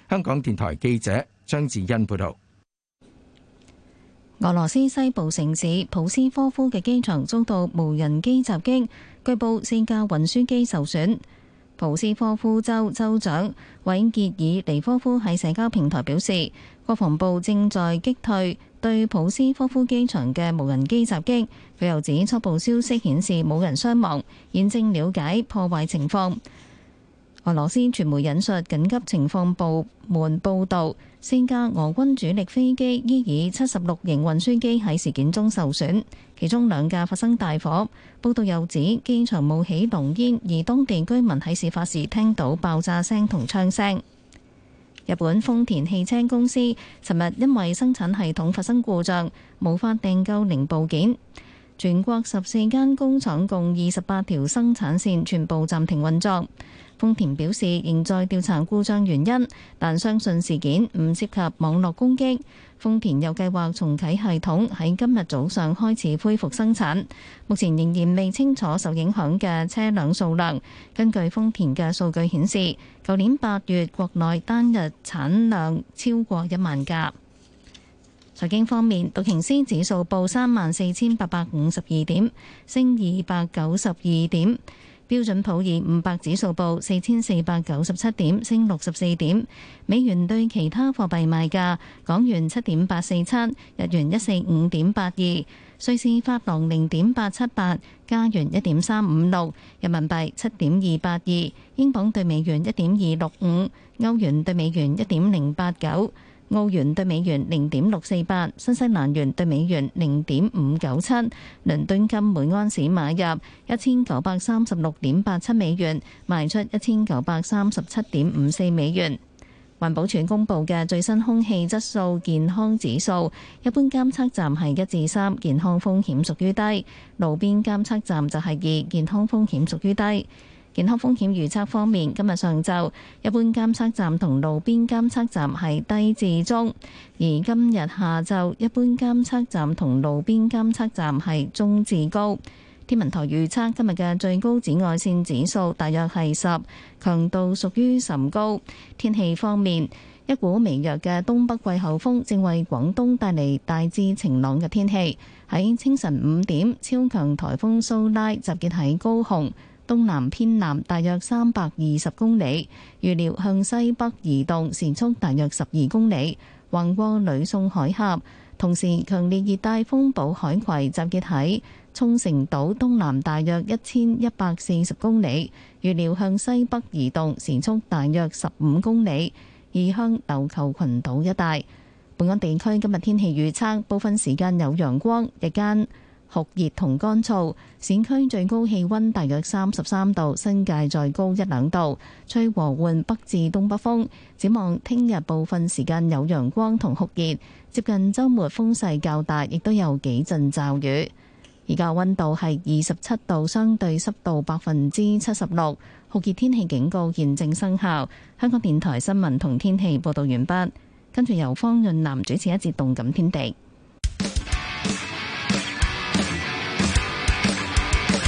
香港電台記者張智欣報道。俄羅斯西部城市普斯科夫嘅機場遭到無人機襲擊，據報四架運輸機受損。普斯科夫州州長韋傑爾尼科夫喺社交平台表示，國防部正在擊退對普斯科夫機場嘅無人機襲擊。佢又指初步消息顯示冇人傷亡，現正了解破壞情況。俄羅斯傳媒引述緊急情況部門報道。先架俄軍主力飛機伊爾七十六型運輸機喺事件中受損，其中兩架發生大火。報道又指機場冒起濃煙，而當地居民喺事發時聽到爆炸聲同槍聲。日本豐田汽車公司尋日因為生產系統發生故障，無法訂購零部件，全國十四間工廠共二十八條生產線全部暫停運作。豐田表示仍在調查故障原因，但相信事件唔涉及網絡攻擊。豐田又計劃重啟系統，喺今日早上開始恢復生產。目前仍然未清楚受影響嘅車輛數量。根據豐田嘅數據顯示，舊年八月國內單日產量超過一萬架。財經方面，道瓊斯指數報三萬四千八百五十二點，升二百九十二點。標準普爾五百指數報四千四百九十七點，升六十四點。美元對其他貨幣賣價：港元七點八四七，日元一四五點八二，瑞士法郎零點八七八，加元一點三五六，人民幣七點二八二，英鎊對美元一點二六五，歐元對美元一點零八九。澳元兌美元零點六四八，新西蘭元兌美元零點五九七，倫敦金每盎司買入一千九百三十六點八七美元，賣出一千九百三十七點五四美元。環保署公布嘅最新空氣質素健康指數，一般監測站係一至三，健康風險屬於低；路邊監測站就係二，健康風險屬於低。健康風險預測方面，今日上晝一般監測站同路邊監測站係低至中，而今日下晝一般監測站同路邊監測站係中至高。天文台預測今日嘅最高紫外線指數大約係十，強度屬於甚高。天氣方面，一股微弱嘅東北季候風正為廣東帶嚟大致晴朗嘅天氣，喺清晨五點超強颱風蘇拉集結喺高雄。東南偏南大約三百二十公里，預料向西北移動，時速大約十二公里，橫過呂宋海峽。同時，強烈熱帶風暴海葵集結喺沖繩島東南大約一千一百四十公里，預料向西北移動，時速大約十五公里，移向琉球群島一帶。本港地區今日天氣預測：部分時間有陽光，日間。酷熱同乾燥，市區最高氣温大約三十三度，新界再高一兩度，吹和緩北至東北風。展望聽日部分時間有陽光同酷熱，接近周末風勢較大，亦都有幾陣驟雨。而家温度係二十七度，相對濕度百分之七十六，酷熱天氣警告現正生效。香港電台新聞同天氣報道完畢，跟住由方潤南主持一節動感天地。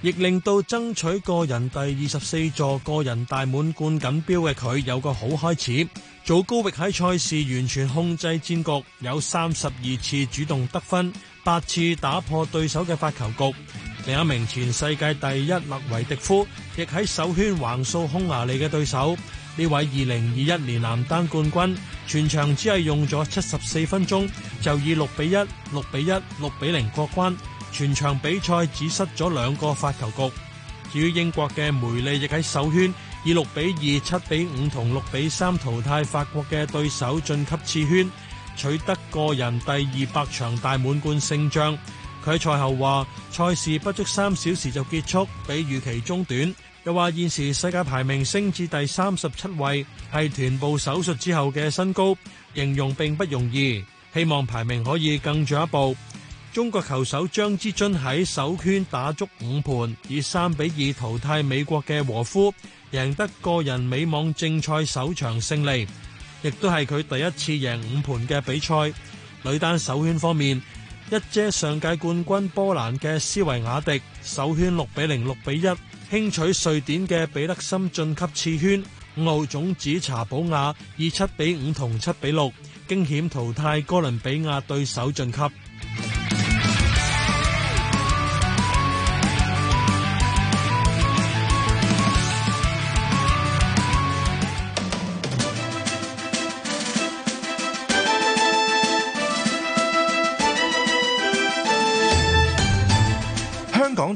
亦令到爭取個人第二十四座個人大滿貫錦標嘅佢有個好開始。祖高域喺賽事完全控制戰局，有三十二次主動得分，八次打破對手嘅發球局。另一名全世界第一勒維迪夫亦喺首圈橫掃匈,匈牙利嘅對手。呢位二零二一年男單冠軍，全場只係用咗七十四分鐘就以六比一、六比一、六比零過關。全場比賽只失咗兩個發球局，至於英國嘅梅利亦喺首圈以六比二、七比五同六比三淘汰法國嘅對手晉級次圈，取得個人第二百場大滿貫勝仗。佢喺賽後話：賽事不足三小時就結束，比預期中短。又話現時世界排名升至第三十七位，係臀部手術之後嘅新高，形容並不容易。希望排名可以更進一步。中國球手張之臻喺首圈打足五盤，以三比二淘汰美國嘅和夫，贏得個人美網正賽首場勝利，亦都係佢第一次贏五盤嘅比賽。女單首圈方面，一姐上屆冠軍波蘭嘅斯維亞迪首圈六比零、六比一輕取瑞典嘅彼得森晉級次圈，澳總指查寶亞以七比五同七比六驚險淘汰哥倫比亞對手晉級。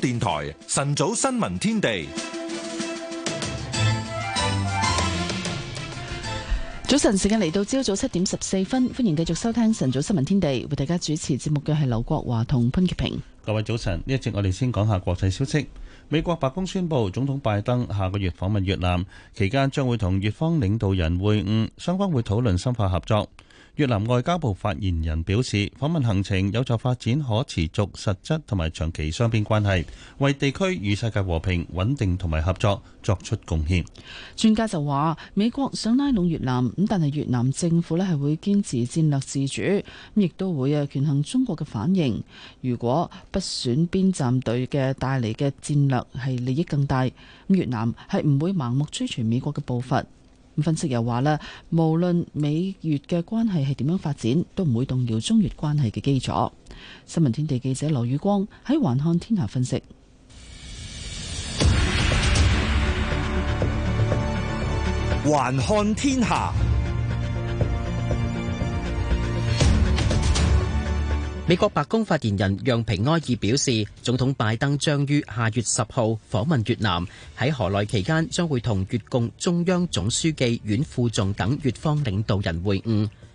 電台晨早新聞天地，早晨時間嚟到，朝早七點十四分，歡迎繼續收聽晨早新聞天地。為大家主持節目嘅係劉國華同潘潔平。各位早晨，呢一節我哋先講下國際消息。美國白宮宣布，總統拜登下個月訪問越南期間，將會同越方領導人會晤，雙方會討論深化合作。越南外交部發言人表示，訪問行程有助發展可持續實質同埋長期雙邊關係，為地區與世界和平穩定同埋合作作出貢獻。專家就話，美國想拉攏越南咁，但係越南政府咧係會堅持戰略自主，咁亦都會啊權衡中國嘅反應。如果不選邊站隊嘅帶嚟嘅戰略係利益更大，越南係唔會盲目追隨美國嘅步伐。分析又話啦，無論美越嘅關係係點樣發展，都唔會動搖中越關係嘅基礎。新聞天地記者劉宇光喺《橫看天下》分析，《橫看天下》。美國白宮發言人讓皮埃爾表示，總統拜登將於下月十號訪問越南，喺河內期間將會同越共中央總書記阮富仲等越方領導人會晤。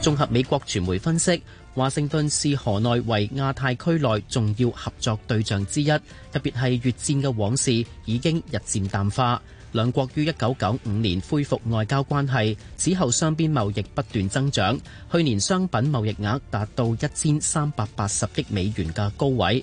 綜合美國傳媒分析，華盛頓視河內為亞太區內重要合作對象之一，特別係越戰嘅往事已經日漸淡化。兩國於一九九五年恢復外交關係，此後雙邊貿易不斷增長，去年商品貿易額達到一千三百八十億美元嘅高位。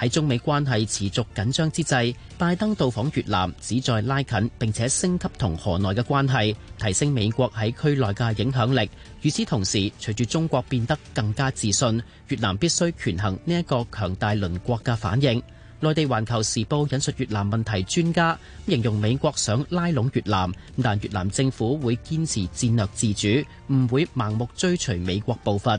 喺中美關係持續緊張之際，拜登到訪越南，旨在拉近並且升級同河內嘅關係，提升美國喺區內嘅影響力。與此同時，隨住中國變得更加自信，越南必須權衡呢一個強大鄰國嘅反應。內地環球時報引述越南問題專家形容美國想拉攏越南，但越南政府會堅持戰略自主，唔會盲目追隨美國步伐。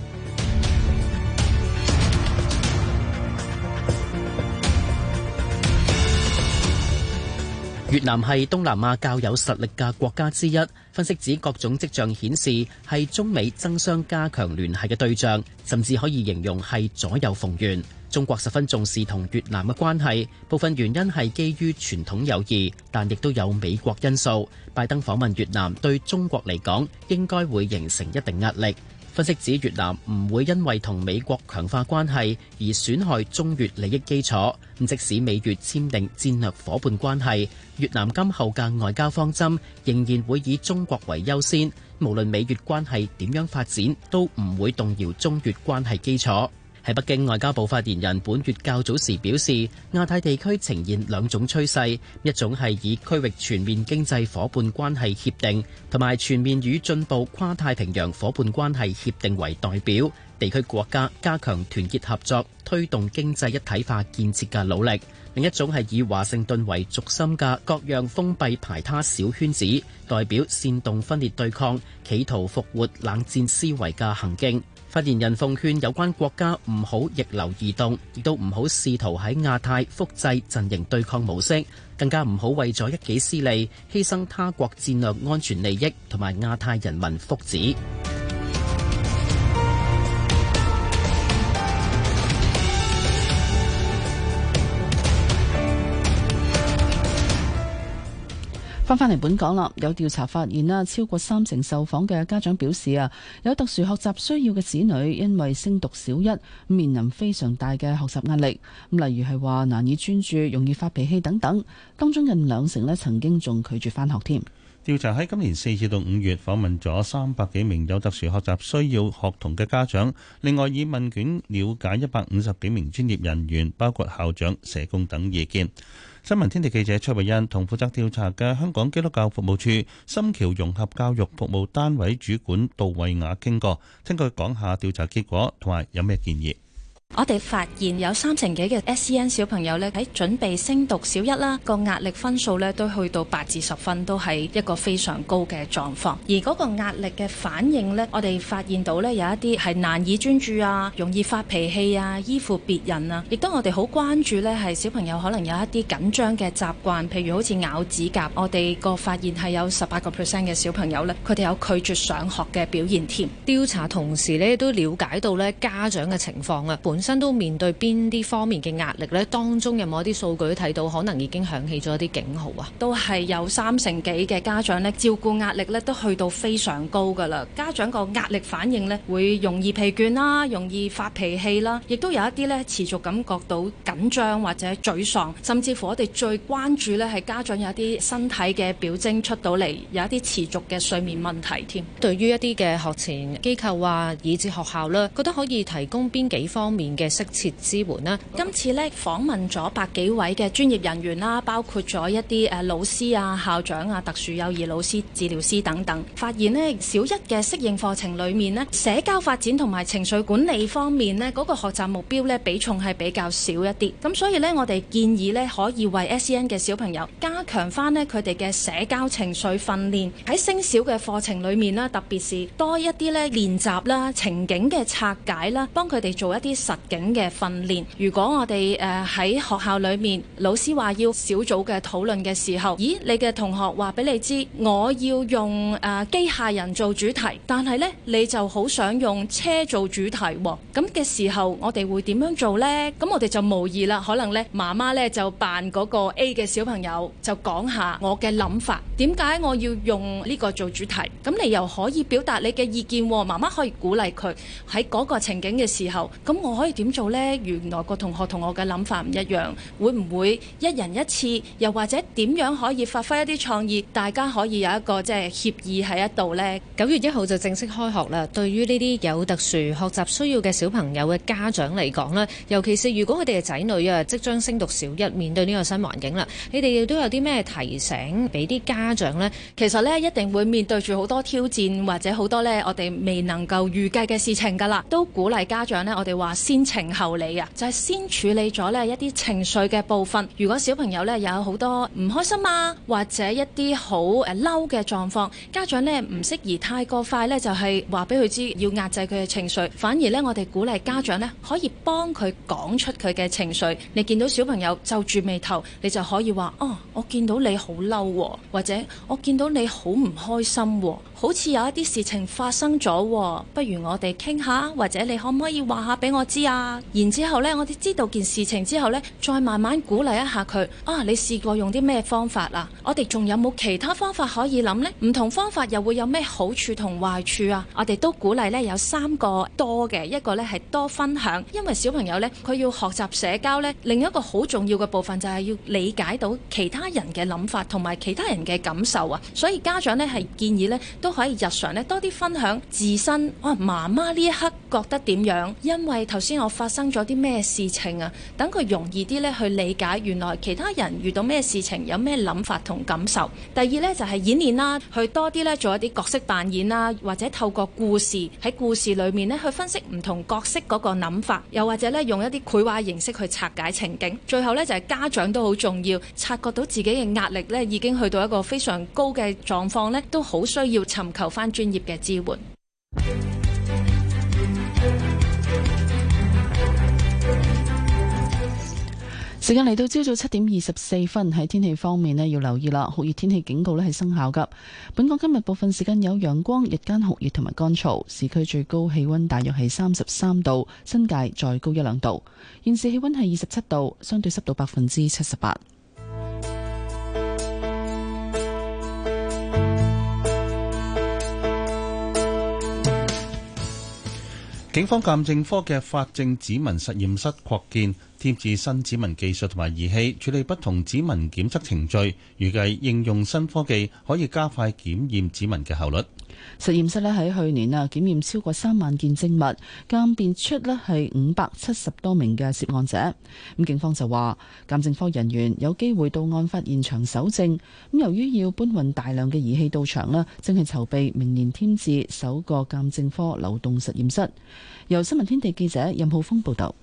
越南是東南亞較有實力的國家之一，分析指各種跡象顯示是中美爭相加強聯繫的對象，甚至可以形容是左右逢源。中國十分重視同越南的關係，部分原因是基於傳統友誼，但亦都有美國因素。拜登訪問越南對中國來講應該會形成一定壓力。分析指越南唔會因為同美國強化關係而損害中越利益基礎。即使美越簽訂戰略伙伴關係，越南今後嘅外交方針仍然會以中國為優先。無論美越關係點樣發展，都唔會動搖中越關係基礎。喺北京外交部發言人本月較早時表示，亞太地區呈現兩種趨勢：一種係以區域全面經濟伙伴關係協定同埋全面與進步跨太平洋伙伴關係協定為代表，地區國家加強團結合作，推動經濟一體化建設嘅努力；另一種係以華盛頓為軸心嘅各樣封閉排他小圈子，代表煽動分裂對抗，企圖復活冷戰思維嘅行徑。發言人奉勸有關國家唔好逆流而動，亦都唔好試圖喺亞太複製陣營對抗模式，更加唔好為咗一己私利犧牲他國戰略安全利益同埋亞太人民福祉。翻翻嚟本港啦，有調查發現啦，超過三成受訪嘅家長表示啊，有特殊學習需要嘅子女因為升讀小一，面臨非常大嘅學習壓力。咁例如係話難以專注、容易發脾氣等等，當中近兩成咧曾經仲拒絕翻學添。調查喺今年四至到五月訪問咗三百幾名有特殊學習需要學童嘅家長，另外以問卷了解一百五十幾名專業人員，包括校長、社工等意見。新聞天地記者卓慧欣同負責調查嘅香港基督教服務處深橋融合教育服務單位主管杜慧雅傾過，聽佢講下調查結果同埋有咩建議。我哋發現有三成幾嘅 S.E.N. 小朋友咧喺準備升讀小一啦，個壓力分數咧都去到八至十分，都係一個非常高嘅狀況。而嗰個壓力嘅反應咧，我哋發現到咧有一啲係難以專注啊，容易發脾氣啊，依附別人啊。亦都我哋好關注咧係小朋友可能有一啲緊張嘅習慣，譬如好似咬指甲。我哋個發現係有十八個 percent 嘅小朋友咧，佢哋有拒絕上學嘅表現添。調查同時咧都了解到咧家長嘅情況啊，本。身都面對邊啲方面嘅壓力咧？當中有冇一啲數據睇到，可能已經響起咗一啲警號啊？都係有三成幾嘅家長咧，照顧壓力咧都去到非常高噶啦。家長個壓力反應咧，會容易疲倦啦，容易發脾氣啦，亦都有一啲咧持續感覺到緊張或者沮喪，甚至乎我哋最關注咧係家長有啲身體嘅表徵出到嚟，有一啲持續嘅睡眠問題添。對於一啲嘅學前機構啊，以至學校啦，覺得可以提供邊幾方面？嘅適切支援啦。今次咧訪問咗百幾位嘅專業人員啦，包括咗一啲誒、呃、老師啊、校長啊、特殊幼兒老師、治療師等等，發現咧小一嘅適應課程裏面咧，社交發展同埋情緒管理方面咧，嗰、那個學習目標咧比重係比較少一啲。咁所以呢，我哋建議咧可以為 SEN 嘅小朋友加強翻咧佢哋嘅社交情緒訓練喺升小嘅課程裏面啦，特別是多一啲咧練習啦、情景嘅拆解啦，幫佢哋做一啲。實景嘅訓練，如果我哋誒喺學校裏面，老師話要小組嘅討論嘅時候，咦，你嘅同學話俾你知我要用誒、呃、機械人做主題，但係呢，你就好想用車做主題，哦，咁嘅時候我哋會點樣做呢？咁我哋就模擬啦，可能呢，媽媽呢就扮嗰個 A 嘅小朋友，就講下我嘅諗法，點解我要用呢個做主題？咁你又可以表達你嘅意見，哦，媽媽可以鼓勵佢喺嗰個情景嘅時候，咁我。可以點做呢？原來個同學同我嘅諗法唔一樣，會唔會一人一次？又或者點樣可以發揮一啲創意？大家可以有一個即係協議喺一度呢。九月一號就正式開學啦。對於呢啲有特殊學習需要嘅小朋友嘅家長嚟講呢，尤其是如果佢哋嘅仔女啊即將升讀小一，面對呢個新環境啦，你哋都有啲咩提醒俾啲家長呢？其實呢，一定會面對住好多挑戰，或者好多呢我哋未能夠預計嘅事情噶啦。都鼓勵家長呢，我哋話。先情後理啊，就係先處理咗呢一啲情緒嘅部分。如果小朋友呢有好多唔開心啊，或者一啲好誒嬲嘅狀況，家長呢唔適宜太過快呢，就係話俾佢知要壓制佢嘅情緒，反而呢，我哋鼓勵家長呢，可以幫佢講出佢嘅情緒。你見到小朋友皺住眉頭，你就可以話：哦，我見到你好嬲，或者我見到你好唔開心喎。好似有一啲事情發生咗喎，不如我哋傾下，或者你可唔可以話下俾我知啊？然之後呢，我哋知道件事情之後呢，再慢慢鼓勵一下佢。啊，你試過用啲咩方法啦，啊？我哋仲有冇其他方法可以諗呢？唔同方法又會有咩好處同壞處啊？我哋都鼓勵呢，有三個多嘅，一個呢係多分享，因為小朋友呢，佢要學習社交呢。另一個好重要嘅部分就係要理解到其他人嘅諗法同埋其他人嘅感受啊。所以家長呢，係建議呢。都。可以日常咧，多啲分享自身哇，媽媽呢一刻覺得點樣，因為頭先我發生咗啲咩事情啊？等佢容易啲咧，去理解原來其他人遇到咩事情，有咩諗法同感受。第二咧，就係演練啦，去多啲咧，做一啲角色扮演啦，或者透過故事，喺故事裏面咧，去分析唔同角色嗰個諗法，又或者咧，用一啲繪畫形式去拆解情景。最後咧，就係家長都好重要，察覺到自己嘅壓力咧，已經去到一個非常高嘅狀況咧，都好需要尋求返專業嘅支援。時間嚟到朝早七點二十四分，喺天氣方面呢要留意啦，酷熱天氣警告呢係生效㗎。本港今日部分時間有陽光，日間酷熱同埋乾燥，市區最高氣溫大約係三十三度，新界再高一兩度。現時氣溫係二十七度，相對濕度百分之七十八。警方鑑證科嘅法證指紋實驗室擴建，添置新指紋技術同埋儀器，處理不同指紋檢測程序。預計應用新科技，可以加快檢驗指紋嘅效率。實驗室咧，喺去年啊，檢驗超過三萬件證物，鑑辨出咧係五百七十多名嘅涉案者。咁警方就話鑑證科人員有機會到案發現場搜證。咁由於要搬運大量嘅儀器到場咧，正係籌備明年添置首個鑑證科流動實驗室。由新聞天地記者任浩峰報道。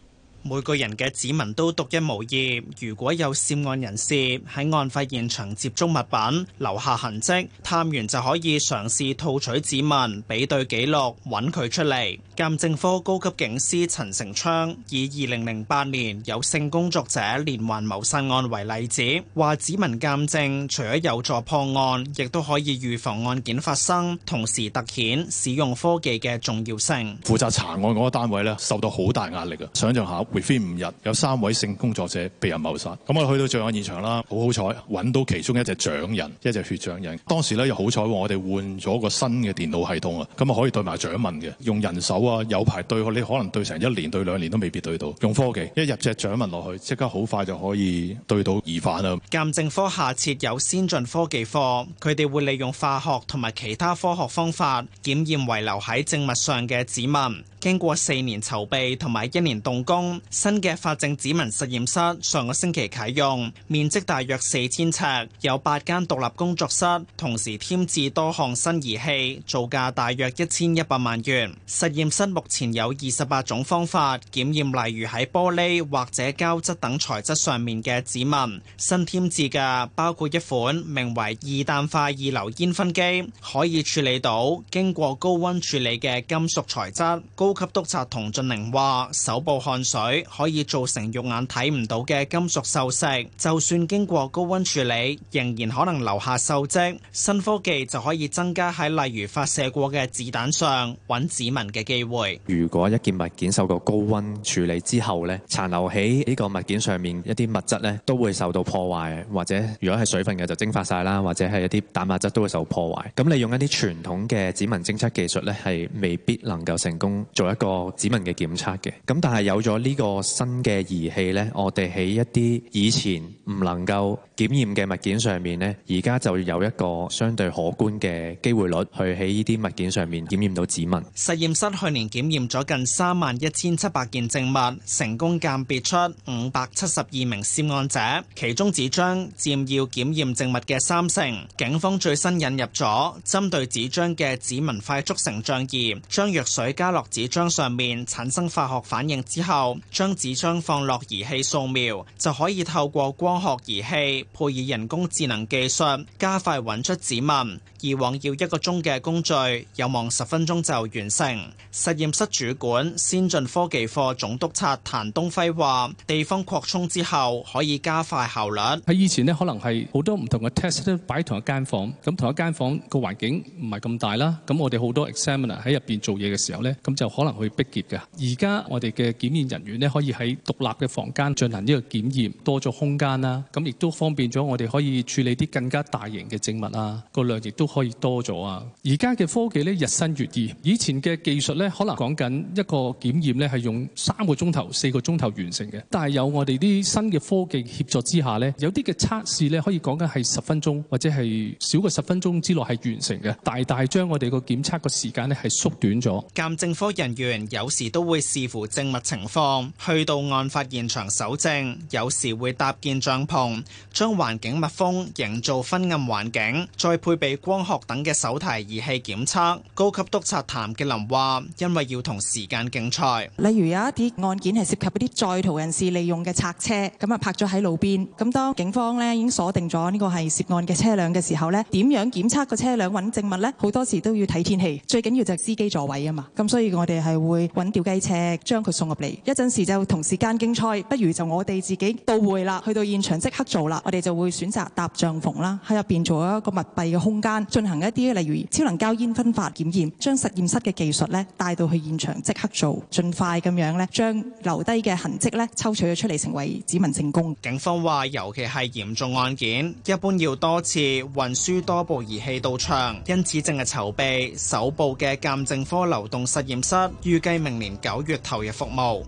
每個人嘅指紋都獨一無二。如果有涉案人士喺案發現場接觸物品，留下痕跡，探員就可以嘗試套取指紋比對記錄，揾佢出嚟。鑑證科高級警司陳成昌以二零零八年有性工作者連環謀殺案為例子，話指紋鑑證除咗有助破案，亦都可以預防案件發生，同時突顯使用科技嘅重要性。負責查案嗰個單位呢，受到好大壓力啊！想象下。五日有三位性工作者被人謀殺，咁我哋去到作案現場啦，好好彩揾到其中一隻掌印，一隻血掌印。當時咧又好彩，我哋換咗個新嘅電腦系統啊，咁啊可以對埋掌紋嘅，用人手啊有排對，你可能對成一年、對兩年都未必對到，用科技一入隻掌紋落去，即刻好快就可以對到疑犯啦。鑑證科下設有先進科技科，佢哋會利用化學同埋其他科學方法檢驗遺留喺證物上嘅指紋。經過四年籌備同埋一年動工，新嘅法證指紋實驗室上個星期啟用，面積大約四千尺，有八間獨立工作室，同時添置多項新儀器，造價大約一千一百萬元。實驗室目前有二十八種方法檢驗，例如喺玻璃或者膠質等材質上面嘅指紋。新添置嘅包括一款名為二氮化二硫煙燻機，可以處理到經過高溫處理嘅金屬材質。高級督察佟俊寧話，手部汗水。可以造成肉眼睇唔到嘅金屬鏽蝕，就算經過高溫處理，仍然可能留下鏽跡。新科技就可以增加喺例如發射過嘅子彈上搵指紋嘅機會。如果一件物件受過高溫處理之後咧，殘留喺呢個物件上面一啲物質咧，都會受到破壞，或者如果係水分嘅就蒸發曬啦，或者係一啲蛋白質都會受破壞。咁你用一啲傳統嘅指紋偵測技術咧，係未必能夠成功做一個指紋嘅檢測嘅。咁但係有咗呢。這個新嘅儀器咧，我哋喺一啲以前唔能夠檢驗嘅物件上面呢，而家就有一個相對可觀嘅機會率，去喺呢啲物件上面檢驗到指紋。實驗室去年檢驗咗近三萬一千七百件證物，成功鑑別出五百七十二名涉案者，其中紙張佔要檢驗證物嘅三成。警方最新引入咗針對紙張嘅指紋快速成像儀，將藥水加落紙張上面產生化學反應之後，將紙張放落儀器掃描，就可以透過光學儀器。配以人工智能技術，加快揾出指紋。以往要一個鐘嘅工序，有望十分鐘就完成。實驗室主管、先進科技課總督察譚東輝話：地方擴充之後，可以加快效率。喺以前呢可能係好多唔同嘅 test 都擺同一間房，咁同一間房個環境唔係咁大啦。咁我哋好多 examiner 喺入邊做嘢嘅時候呢，咁就可能會逼結嘅。而家我哋嘅檢驗人員呢，可以喺獨立嘅房間進行呢個檢驗，多咗空間啦。咁亦都方便咗我哋可以處理啲更加大型嘅證物啊，個量亦都，可以多咗啊！而家嘅科技咧日新月異，以前嘅技術咧可能講緊一個檢驗咧係用三個鐘頭、四個鐘頭完成嘅，但係有我哋啲新嘅科技協助之下咧，有啲嘅測試咧可以講緊係十分鐘或者係少過十分鐘之內係完成嘅，大大將我哋個檢測個時間咧係縮短咗。鑑證科人員有時都會視乎證物情況，去到案發現場搜證，有時會搭建帳篷，將環境密封，營造昏暗環境，再配備光。科學等嘅手提儀器檢測，高級督察譚杰林話：因為要同時間競賽，例如有一啲案件係涉及一啲在逃人士利用嘅賊車，咁啊拍咗喺路邊。咁當警方咧已經鎖定咗呢個係涉案嘅車輛嘅時候咧，點樣檢測個車輛搵證物咧？好多時都要睇天氣，最緊要就係司機座位啊嘛。咁所以我哋係會搵吊雞車，將佢送入嚟。一陣時就同時間競賽，不如就我哋自己到會啦，去到現場即刻做啦。我哋就會選擇搭帳篷啦，喺入邊做一個密閉嘅空間。進行一啲例如超能膠煙分法檢驗，將實驗室嘅技術咧帶到去現場，即刻做，盡快咁樣咧，將留低嘅痕跡咧抽取咗出嚟，成為指紋證供。警方話，尤其係嚴重案件，一般要多次運輸多部儀器到場，因此正係籌備首部嘅鑑證科流動實驗室，預計明年九月投入服務。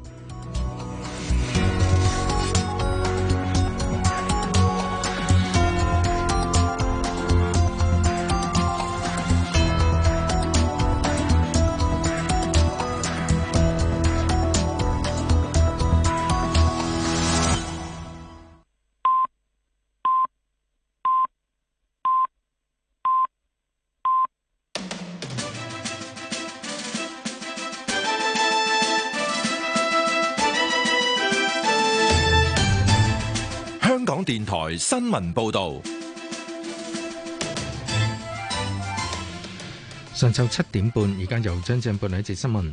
電台新聞報道。上晝七點半，而家由張政報道一節新聞。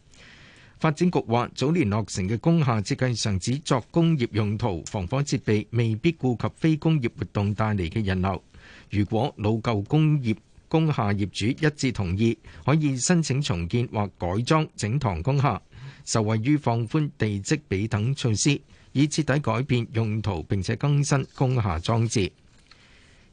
發展局話，早年落成嘅工廈設計上只作工業用途，防火設備未必顧及非工業活動帶嚟嘅人流。如果老舊工業，工廈業主一致同意，可以申請重建或改裝整堂工廈，受惠於放寬地積比等措施，以徹底改變用途並且更新工廈裝置。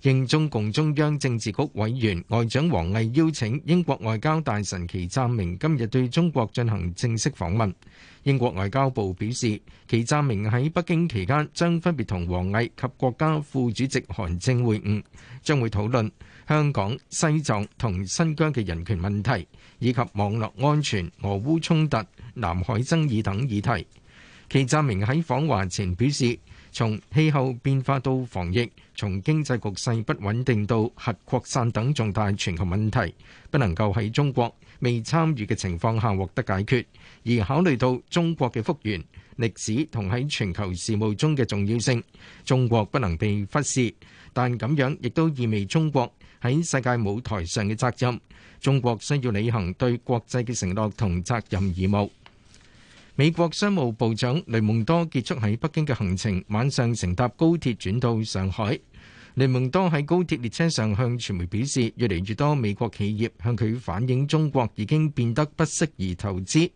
應中共中央政治局委員、外長王毅邀請，英國外交大臣祁湛明今日對中國進行正式訪問。英國外交部表示，祁湛明喺北京期間將分別同王毅及國家副主席韓正會晤，將會討論香港、西藏同新疆嘅人權問題，以及網絡安全、俄烏衝突、南海爭議等議題。祁湛明喺訪華前表示，從氣候變化到防疫。從經濟局勢不穩定到核擴散等重大全球問題，不能夠喺中國未參與嘅情況下獲得解決。而考慮到中國嘅復原、歷史同喺全球事務中嘅重要性，中國不能被忽視。但咁樣亦都意味中國喺世界舞台上嘅責任。中國需要履行對國際嘅承諾同責任義務。美國商務部長雷蒙多結束喺北京嘅行程，晚上乘搭高鐵轉到上海。雷蒙多喺高鐵列車上向傳媒表示，越嚟越多美國企業向佢反映中國已經變得不適宜投資，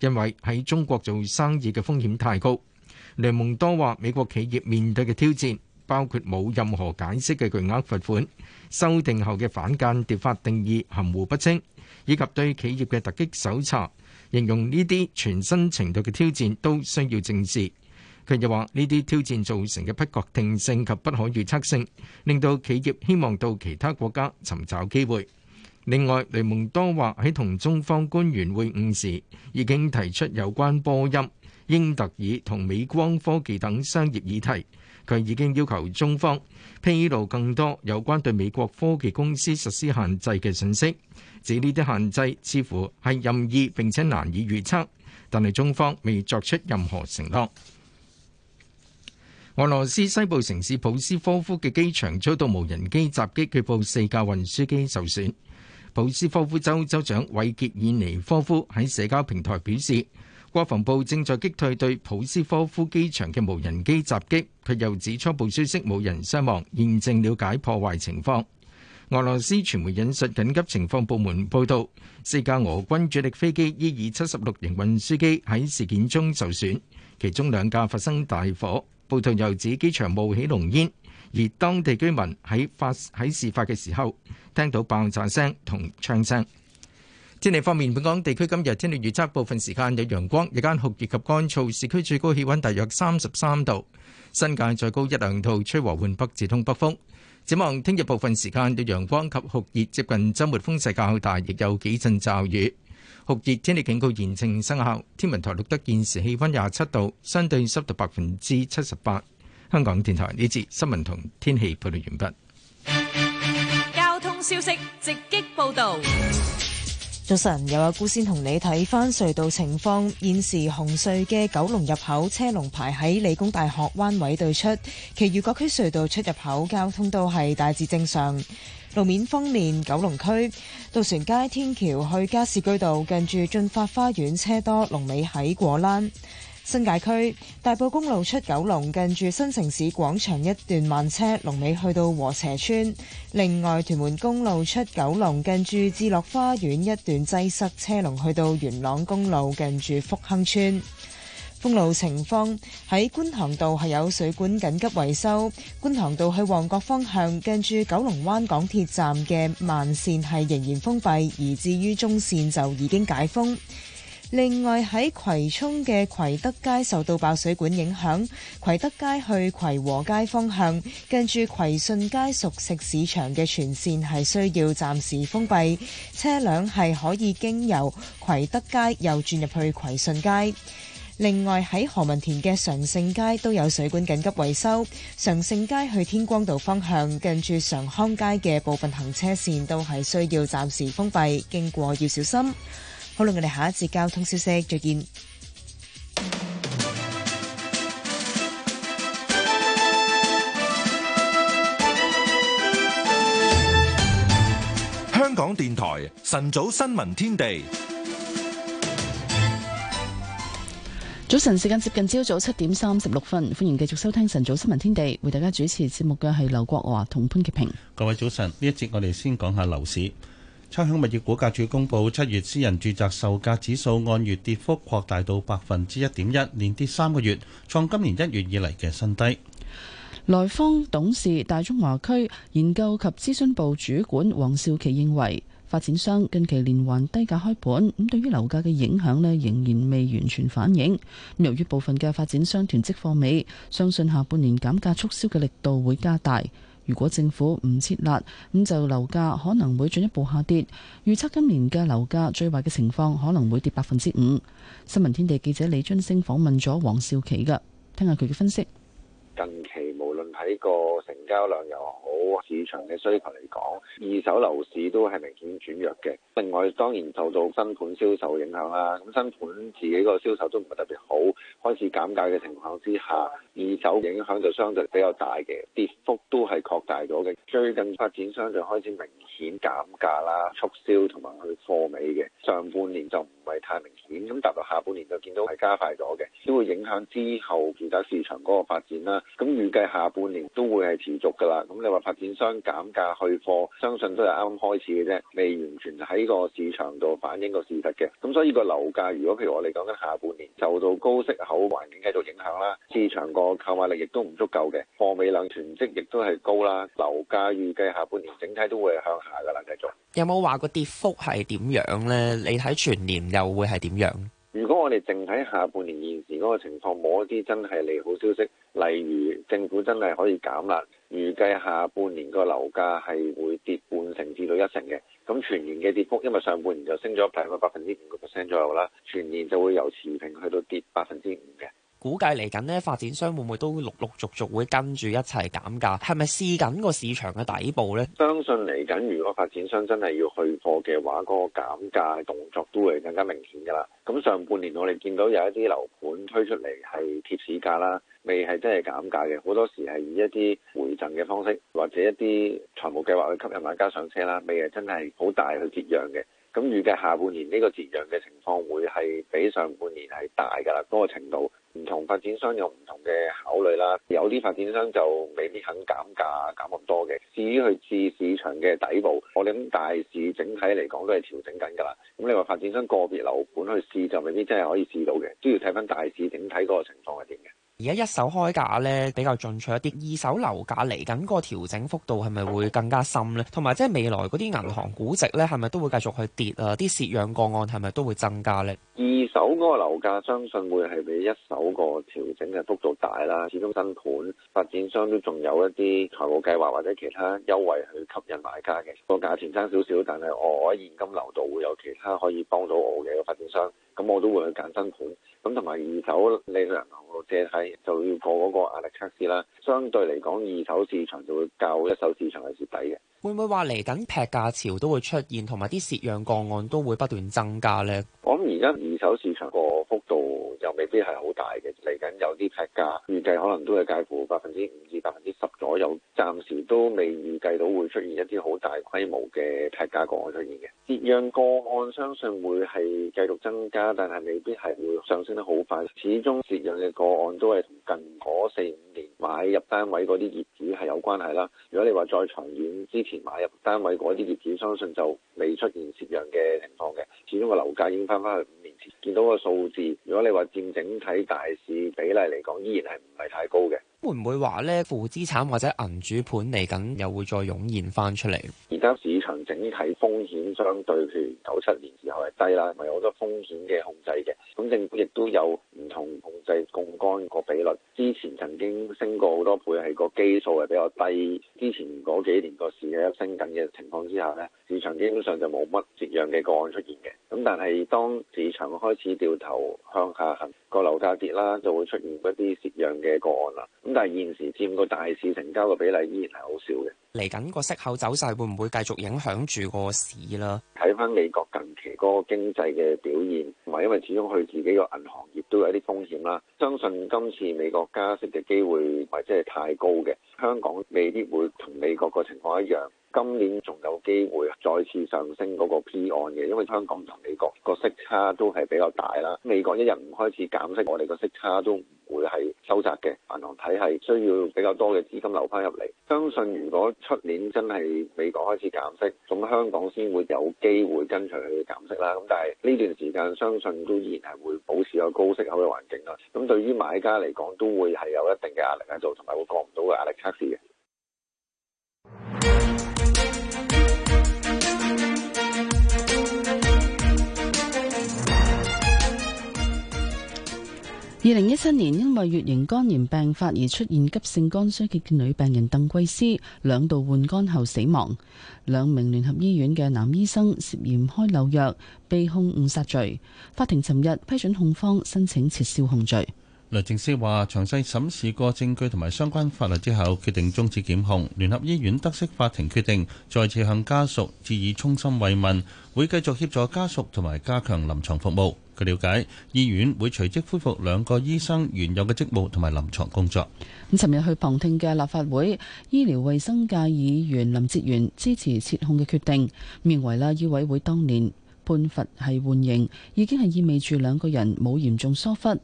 因為喺中國做生意嘅風險太高。雷蒙多話：美國企業面對嘅挑戰包括冇任何解釋嘅巨額罰款、修訂後嘅反間諜法定義含糊不清，以及對企業嘅突擊搜查。形容呢啲全新程度嘅挑戰都需要正視。佢又話：呢啲挑戰造成嘅不確定性及不可預測性，令到企業希望到其他國家尋找機會。另外，雷蒙多話喺同中方官員會晤時，已經提出有關波音、英特爾同美光科技等商業議題。佢已經要求中方披露更多有關對美國科技公司實施限制嘅信息。指呢啲限制似乎係任意並且難以預測，但係中方未作出任何承諾。俄羅斯西部城市普斯科夫嘅機場遭到無人機襲擊，佢部四架運輸機受損。普斯科夫州州長韋傑爾尼科夫喺社交平台表示，國防部正在擊退對普斯科夫機場嘅無人機襲擊，佢又指初步消息無人傷亡，現正了解破壞情況。俄羅斯傳媒引述緊急情況部門報道，四架俄軍主力飛機伊爾七十六型運輸機喺事件中受損，其中兩架發生大火。暴徒又指機場冒起濃煙，而當地居民喺發喺事發嘅時候聽到爆炸聲同槍聲。天氣方面，本港地區今日天氣預測部分時間有陽光，日間酷熱及乾燥，市區最高氣温大約三十三度，新界再高一兩度，吹和緩北至東北風。展望聽日部分時間有陽光及酷熱，接近週末風勢較大，亦有幾陣驟雨。酷熱天氣警告，現正生效。天文台錄得現時氣温廿七度，相對濕度百分之七十八。香港電台呢節新聞同天氣報道完畢。交通消息直擊報道。早晨，有阿姑先同你睇返隧道情況。現時紅隧嘅九龍入口車龍排喺理工大學彎位對出，其餘各區隧道出入口交通都係大致正常。路面方面，九龍區渡船街天橋去加士居道近住駿發花園車多，龍尾喺果欄；新界區大埔公路出九龍近住新城市廣場一段慢車，龍尾去到禾輋；另外，屯門公路出九龍近住智樂花園一段擠塞車龍，去到元朗公路近住福亨村。封路情況喺觀塘道係有水管緊急維修。觀塘道去旺角方向，近住九龍灣港鐵站嘅慢線係仍然封閉，而至於中線就已經解封。另外喺葵涌嘅葵德街受到爆水管影響，葵德街去葵和街方向，近住葵順街熟食市場嘅全線係需要暫時封閉，車輛係可以經由葵德街又轉入去葵順街。另外喺何文田嘅常勝街都有水管緊急維修，常勝街去天光道方向，近住常康街嘅部分行車線都係需要暫時封閉，經過要小心。好啦，我哋下一次交通消息再見。香港電台晨早新聞天地。早晨時間接近朝早七點三十六分，歡迎繼續收聽晨早新聞天地，為大家主持節目嘅係劉國華同潘潔平。各位早晨，呢一節我哋先講下樓市。差餉物業估價署公布七月私人住宅售價指數按月跌幅擴大到百分之一點一，連跌三個月，創今年一月以嚟嘅新低。萊坊董事大中華區研究及諮詢部主管王兆麒認為。發展商近期連環低價開盤，咁對於樓價嘅影響呢，仍然未完全反映。由於部分嘅發展商囤積貨尾，相信下半年減價促銷嘅力度會加大。如果政府唔設立，咁就樓價可能會進一步下跌。預測今年嘅樓價最壞嘅情況可能會跌百分之五。新聞天地記者李津升訪問咗黃少琪噶，聽下佢嘅分析。近期呢個成交量又好，市場嘅需求嚟講，二手樓市都係明顯轉弱嘅。另外，當然受到新盤銷售影響啦，咁新盤自己個銷售都唔係特別好，開始減價嘅情況之下。二手影響就相對比較大嘅，跌幅都係擴大咗嘅。最近發展商就開始明顯減價啦、促銷同埋去貨尾嘅。上半年就唔係太明顯，咁踏入下半年就見到係加快咗嘅，都會影響之後其他市場嗰個發展啦。咁預計下半年都會係持續㗎啦。咁你話發展商減價去貨，相信都係啱啱開始嘅啫，未完全喺個市場度反映個事實嘅。咁所以個樓價，如果譬如我哋講緊下半年，受到高息口環境繼續影響啦，市場個～個購買力亦都唔足夠嘅，貨尾量全積亦都係高啦，樓價預計下半年整體都會向下噶啦。繼續有冇話個跌幅係點樣呢？你睇全年又會係點樣？如果我哋淨睇下半年現時嗰個情況，冇一啲真係利好消息，例如政府真係可以減辣，預計下半年個樓價係會跌半成至到一成嘅。咁全年嘅跌幅，因為上半年就升咗大約百分之五個 percent 左右啦，全年就會由持平去到跌百分之五嘅。估計嚟緊呢發展商會唔會都陸陸續續會跟住一齊減價？係咪試緊個市場嘅底部呢？相信嚟緊，如果發展商真係要去貨嘅話，嗰、那個減價動作都會更加明顯㗎啦。咁上半年我哋見到有一啲樓盤推出嚟係貼市價啦，未係真係減價嘅，好多時係以一啲回贈嘅方式或者一啲財務計劃去吸引買家上車啦，未係真係好大去折讓嘅。咁預計下半年呢個折讓嘅情況會係比上半年係大㗎啦，嗰、那個程度。唔同發展商有唔同嘅考慮啦，有啲發展商就未必肯減價減咁多嘅。至於去試市場嘅底部，我諗大市整體嚟講都係調整緊㗎啦。咁你話發展商個別樓盤去試就未必真係可以試到嘅，都要睇翻大市整體嗰個情況係點嘅。而家一手開價呢，比較進取一啲，二手樓價嚟緊個調整幅度係咪會更加深呢？同埋即係未來嗰啲銀行估值呢，係咪都會繼續去跌啊？啲蝕讓個案係咪都會增加呢？二手嗰個樓價相信會係比一手個調整嘅幅度大啦。始終新盤發展商都仲有一啲財務計劃或者其他優惠去吸引買家嘅，個價錢差少少，但係我喺現金流度會有其他可以幫到我嘅發展商。咁我都會去揀新盤，咁同埋二手你銀行借貸就要破嗰個壓力測試啦。相對嚟講，二手市場就會較一手市場係蝕底嘅。會唔會話嚟緊劈價潮都會出現，同埋啲蝕讓個案都會不斷增加呢？我諗而家二手市場個幅度，又未必係好大嘅，嚟緊有啲劈價，預計可能都係介乎百分之五至百分之十左右。暫時都未預計到會出現一啲好大規模嘅劈價個案出現嘅。蝕讓個案相信會係繼續增加，但係未必係會上升得好快。始終蝕讓嘅個案都係同近嗰四買入單位嗰啲業主係有關係啦。如果你話再重演之前買入單位嗰啲業主，相信就未出現蝕讓嘅情況嘅。始終個樓價已經翻翻去五年前，見到個數字。如果你話佔整體大市比例嚟講，依然係唔係太高嘅。會唔會話呢？負資產或者銀主盤嚟緊又會再湧現翻出嚟？而家市場整體風險相對，譬如九七年時候係低啦，係有好多風險嘅控制嘅。咁政府亦都有唔同控制槓桿個比率。之前曾經升過好多倍，係個基數係比較低。之前嗰幾年個市嘅一升緊嘅情況之下呢，市場基本上就冇乜蝕讓嘅個案出現嘅。咁但係當市場開始掉頭向下行，個樓價跌啦，就會出現一啲蝕讓嘅個案啦。咁但係現時佔個大市成交嘅比例依然係好少嘅。嚟緊個息口走勢會唔會繼續影響住個市啦？睇翻美國近期嗰個經濟嘅表現，同埋因為始終佢自己個銀行。都有一啲風險啦，相信今次美國加息嘅機會唔係真係太高嘅。香港未必會同美國個情況一樣，今年仲有機會再次上升嗰個 P 案嘅，因為香港同美國個息差都係比較大啦。美國一日唔開始減息，我哋個息差都唔會係收窄嘅。銀行體系需要比較多嘅資金流翻入嚟，相信如果出年真係美國開始減息，咁香港先會有機會跟隨佢減息啦。咁但係呢段時間，相信都依然係會保持個高息。息口嘅環境啦，咁對於買家嚟講都會係有一定嘅壓力喺度，同埋會過唔到嘅壓力測試嘅。 二零一七年，因為乙型肝炎病發而出現急性肝衰竭嘅女病人鄧桂思，兩度換肝後死亡。兩名聯合醫院嘅男醫生涉嫌開漏藥，被控誤殺罪。法庭尋日批准控方申請撤銷控罪。律政司話：詳細審視過證據同埋相關法律之後，決定終止檢控。聯合醫院得悉法庭決定，再次向家屬致以衷心慰問，會繼續協助家屬同埋加強臨床服務。據了解醫院會隨即恢復兩個醫生原有嘅職務同埋臨床工作。咁，尋日去旁聽嘅立法會醫療衞生界議員林哲源支持撤控嘅決定，認為啦，醫委會當年判罰係緩刑，已經係意味住兩個人冇嚴重疏忽，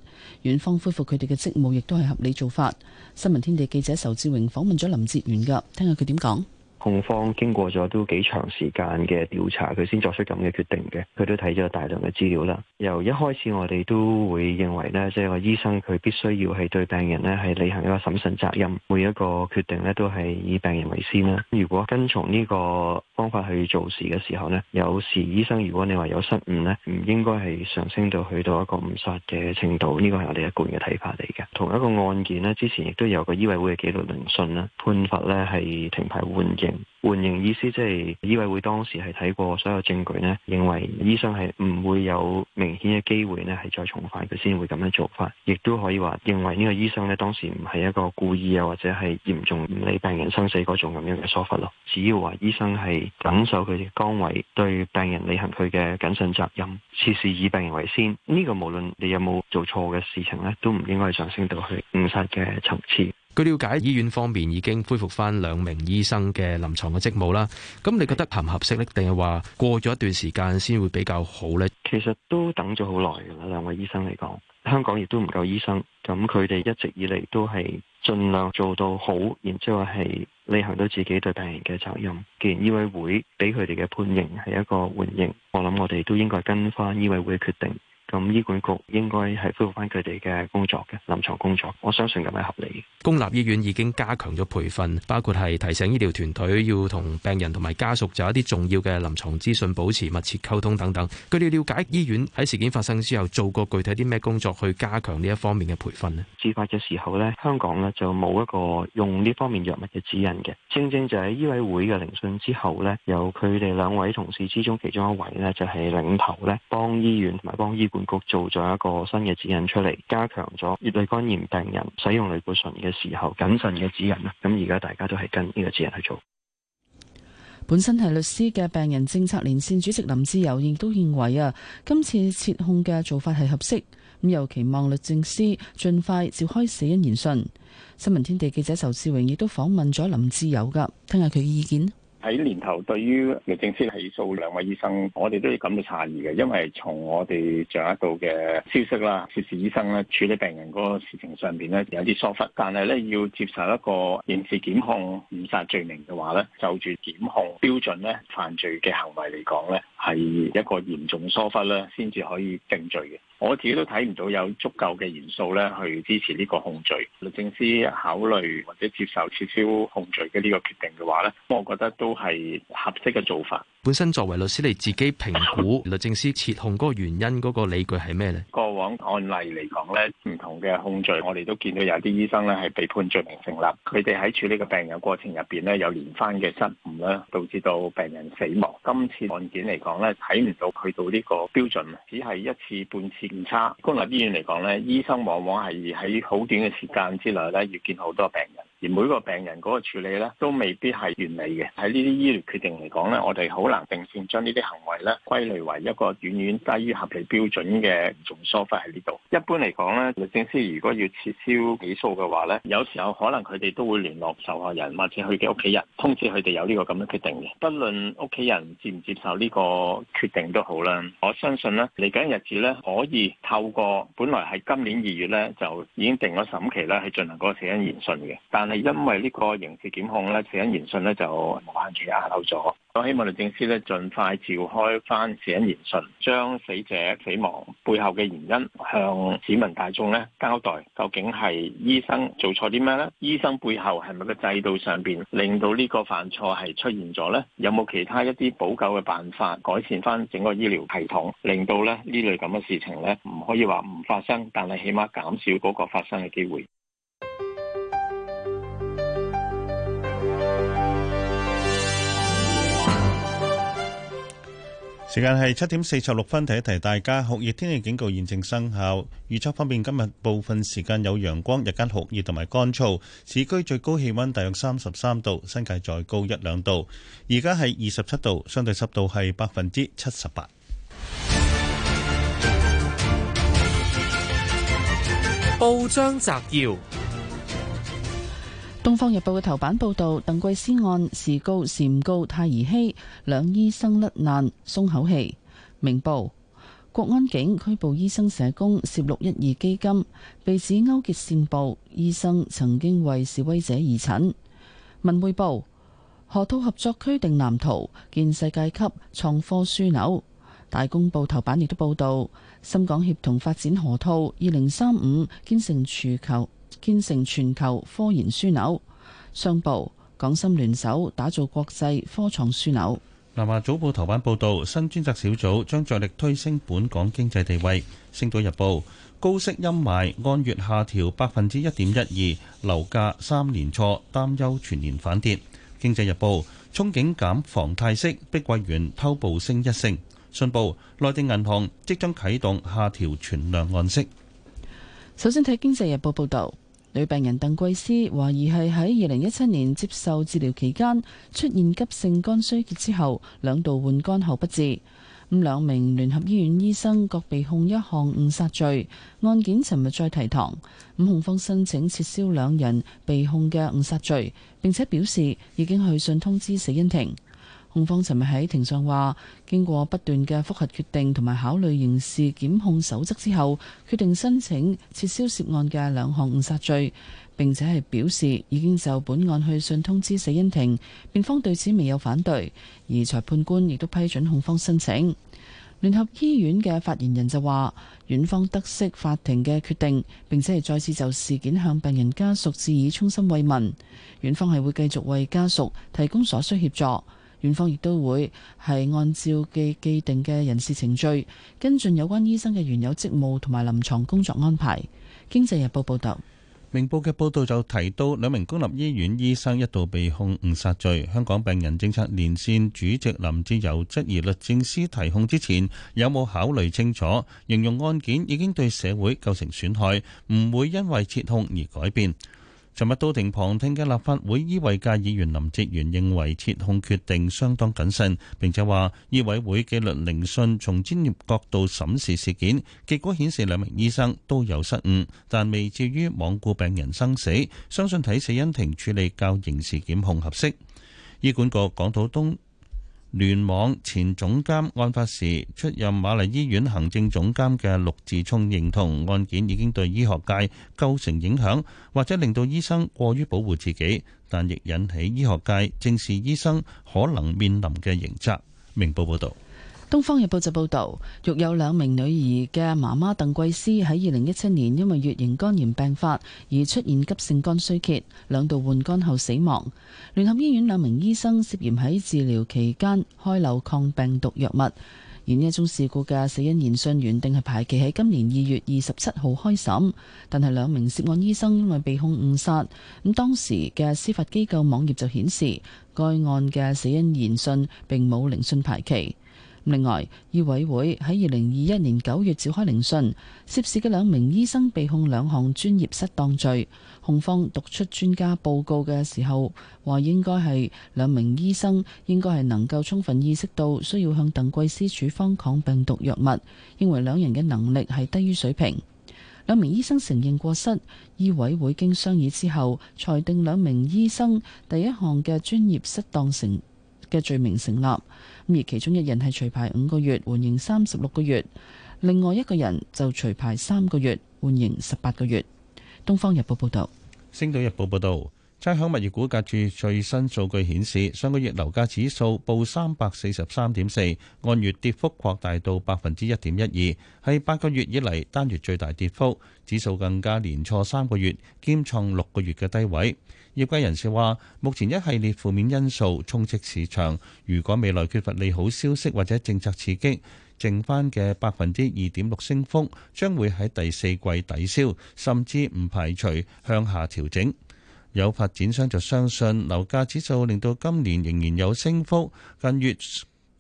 院方恢復佢哋嘅職務亦都係合理做法。新聞天地記者仇志榮訪問咗林哲源，㗎，聽下佢點講。控方經過咗都幾長時間嘅調查，佢先作出咁嘅決定嘅。佢都睇咗大量嘅資料啦。由一開始我哋都會認為呢，即係話醫生佢必須要係對病人呢係履行一個審慎責任，每一個決定呢都係以病人為先啦。如果跟從呢個方法去做事嘅時候呢，有時醫生如果你話有失誤呢，唔應該係上升到去到一個誤殺嘅程度。呢個係我哋一貫嘅睇法嚟嘅。同一個案件呢，之前亦都有個醫委會嘅紀律聆訊啦，判罰呢係停牌緩刑。緩刑意思，就是，即係醫委會當時係睇過所有證據呢，認為醫生係唔會有明顯嘅機會呢係再重犯，佢先會咁樣做法，亦都可以話認為呢個醫生呢當時唔係一個故意啊，或者係嚴重唔理病人生死嗰種咁樣嘅疏忽咯。只要話醫生係謹守佢嘅崗位，對病人履行佢嘅謹慎責任，事事以病人為先，呢、這個無論你有冇做錯嘅事情呢，都唔應該上升到去誤殺嘅層次。據了解，醫院方面已經恢復翻兩名醫生嘅臨床嘅職務啦。咁你覺得合唔合適呢？定係話過咗一段時間先會比較好呢？其實都等咗好耐嘅啦。兩位醫生嚟講，香港亦都唔夠醫生，咁佢哋一直以嚟都係盡量做到好，然之後係履行到自己對病人嘅責任。既然醫委會俾佢哋嘅判刑係一個緩刑，我諗我哋都應該跟翻醫委會嘅決定。咁醫管局應該係恢復翻佢哋嘅工作嘅臨床工作，我相信咁係合理。公立醫院已經加強咗培訓，包括係提醒醫療團隊要同病人同埋家屬就一啲重要嘅臨床資訊保持密切溝通等等。據了解，醫院喺事件發生之後做過具體啲咩工作去加強呢一方面嘅培訓咧？自發嘅時候呢，香港呢就冇一個用呢方面藥物嘅指引嘅，正正就喺醫委會嘅聆訊之後呢，由佢哋兩位同事之中其中一位呢，就係領頭呢幫醫院同埋幫醫管。局做咗一個新嘅指引出嚟，加強咗葉綠肝炎病人使用類固醇嘅時候謹慎嘅指引啦。咁而家大家都係跟呢個指引去做。本身係律師嘅病人政策連線主席林志友亦都認為啊，今次撤控嘅做法係合適。咁又期望律政司盡快召開死因研訊。新聞天地記者仇志榮亦都訪問咗林志友㗎，聽下佢嘅意見。喺年頭，對於律政司起訴兩位醫生，我哋都要感到詫異嘅，因為從我哋掌握到嘅消息啦，涉事醫生咧處理病人嗰個事情上邊咧有啲疏忽，但係咧要接受一個刑事檢控誤殺罪名嘅話咧，就住檢控標準咧犯罪嘅行為嚟講咧，係一個嚴重疏忽啦，先至可以定罪嘅。我自己都睇唔到有足夠嘅元素咧，去支持呢個控罪。律政司考慮或者接受撤銷控罪嘅呢個決定嘅話咧，我覺得都係合適嘅做法。本身作為律師你自己評估律政司撤控嗰個原因嗰個理據係咩呢？過往案例嚟講咧，唔同嘅控罪，我哋都見到有啲醫生咧係被判罪名成立。佢哋喺處理個病人過程入邊咧，有連番嘅失誤啦，導致到病人死亡。今次案件嚟講咧，睇唔到佢到呢個標準，只係一次半次誤差。公立醫院嚟講咧，醫生往往係喺好短嘅時間之內咧，要見好多病人。而每個病人嗰個處理咧，都未必係完美嘅。喺呢啲醫療決定嚟講咧，我哋好難定性將呢啲行為咧歸類為一個遠遠低於合理標準嘅重疏忽喺呢度。一般嚟講咧，律政司如果要撤銷起訴嘅話咧，有時候可能佢哋都會聯絡受害人或者佢嘅屋企人，通知佢哋有呢個咁嘅決定嘅。不論屋企人接唔接受呢個決定都好啦，我相信咧嚟緊日子咧可以透過本來喺今年二月咧就已經定咗審期咧去進行嗰個死因研訊嘅，但因為呢個刑事檢控咧，死因研訊咧就無限期押留咗。我希望律政司咧盡快召開翻死因研訊，將死者死亡背後嘅原因向市民大眾咧交代，究竟係醫生做錯啲咩咧？醫生背後係咪個制度上邊令到呢個犯錯係出現咗咧？有冇其他一啲補救嘅辦法改善翻整個醫療系統，令到咧呢類咁嘅事情咧唔可以話唔發生，但係起碼減少嗰個發生嘅機會。時間係七點四十六分，提一提大家酷熱天氣警告現正生效。預測方面，今日部分時間有陽光，日間酷熱同埋乾燥。市區最高氣溫大約三十三度，新界再高一兩度。而家係二十七度，相對濕度係百分之七十八。報章摘要。《東方日報》嘅頭版報導，鄧桂思案時告時唔告太兒戲，兩醫生甩難鬆口氣。《明報》國安警拘捕醫生社工，涉六一二基金，被指勾結線報。醫生曾經為示威者義診。《文匯報》河套合作區定藍圖，建世界級創科樞紐。《大公報》頭版亦都報導，深港協同發展河套，二零三五建成儲球。建成全球科研樞紐，商報港深聯手打造國際科創樞紐。南華早報頭版報道，新專責小組將着力推升本港經濟地位。星島日報高息陰霾，按月下調百分之一點一二，樓價三年挫，擔憂全年反跌。經濟日報憧憬減房貸息，碧桂園偷步升一成。信報內地銀行即將啟動下調存量按息。首先睇經濟日報報道。女病人鄧桂思懷疑係喺二零一七年接受治療期間出現急性肝衰竭之後，兩度換肝後不治。咁兩名聯合醫院醫生各被控一項誤殺罪，案件尋日再提堂。咁控方申請撤銷兩人被控嘅誤殺罪，並且表示已經去信通知死因庭。控方尋日喺庭上話，經過不斷嘅覆核決定同埋考慮刑事檢控守則之後，決定申請撤銷涉案嘅兩項誤殺罪。並且係表示已經就本案去信通知死因庭，辯方對此未有反對，而裁判官亦都批准控方申請。聯合醫院嘅發言人就話，院方得悉法庭嘅決定，並且係再次就事件向病人家屬致以衷心慰問。院方係會繼續為家屬提供所需協助。院方亦都會係按照既既定嘅人事程序跟進有關醫生嘅原有職務同埋臨床工作安排。經濟日報報道，明報嘅報導就提到兩名公立醫院醫生一度被控誤殺罪。香港病人政策連線主席林志釉質疑律政司提控之前有冇考慮清楚，形容案件已經對社會構成損害，唔會因為撤控而改變。尋日到庭旁聽嘅立法會醫衛界議員林哲元認為撤控決定相當謹慎，並且話醫委會紀律聆訊從專業角度審視事件，結果顯示兩名醫生都有失誤，但未至於罔顧病人生死，相信睇死因庭處理較刑事檢控合適。醫管局港島東聯網前總監案發時出任瑪麗醫院行政總監嘅陸志聰認同案件已經對醫學界構成影響，或者令到醫生過於保護自己，但亦引起醫學界正視醫生可能面臨嘅刑責。明報報道。《東方日報》就報道，育有兩名女兒嘅媽媽鄧桂思喺二零一七年，因為乙型肝炎病發而出現急性肝衰竭，兩度換肝後死亡。聯合醫院兩名醫生涉嫌喺治療期間開漏抗病毒藥物，而呢一宗事故嘅死因言訊原定係排期喺今年二月二十七號開審，但係兩名涉案醫生因為被控誤殺，咁當時嘅司法機構網頁就顯示，該案嘅死因言訊並冇聆訊排期。另外，醫委會喺二零二一年九月召開聆訊，涉事嘅兩名醫生被控兩項專業失當罪。控方讀出專家報告嘅時候，話應該係兩名醫生應該係能夠充分意識到需要向鄧桂思處方抗病毒藥物，認為兩人嘅能力係低於水平。兩名醫生承認過失，醫委會經商議之後，裁定兩名醫生第一項嘅專業失當成嘅罪名成立，而其中一人係除牌五個月，緩刑三十六個月；另外一個人就除牌三個月，緩刑十八個月。東方日報報道，星島日報報道，差餉物業估價署最新數據顯示，上個月樓價指數報三百四十三點四，按月跌幅擴大，大到百分之一點一二，係八個月以嚟單月最大跌幅，指數更加連挫三個月，兼創六個月嘅低位。業界人士話：目前一系列負面因素充斥市場，如果未來缺乏利好消息或者政策刺激，剩翻嘅百分之二點六升幅將會喺第四季抵消，甚至唔排除向下調整。有發展商就相信樓價指數令到今年仍然有升幅，近月。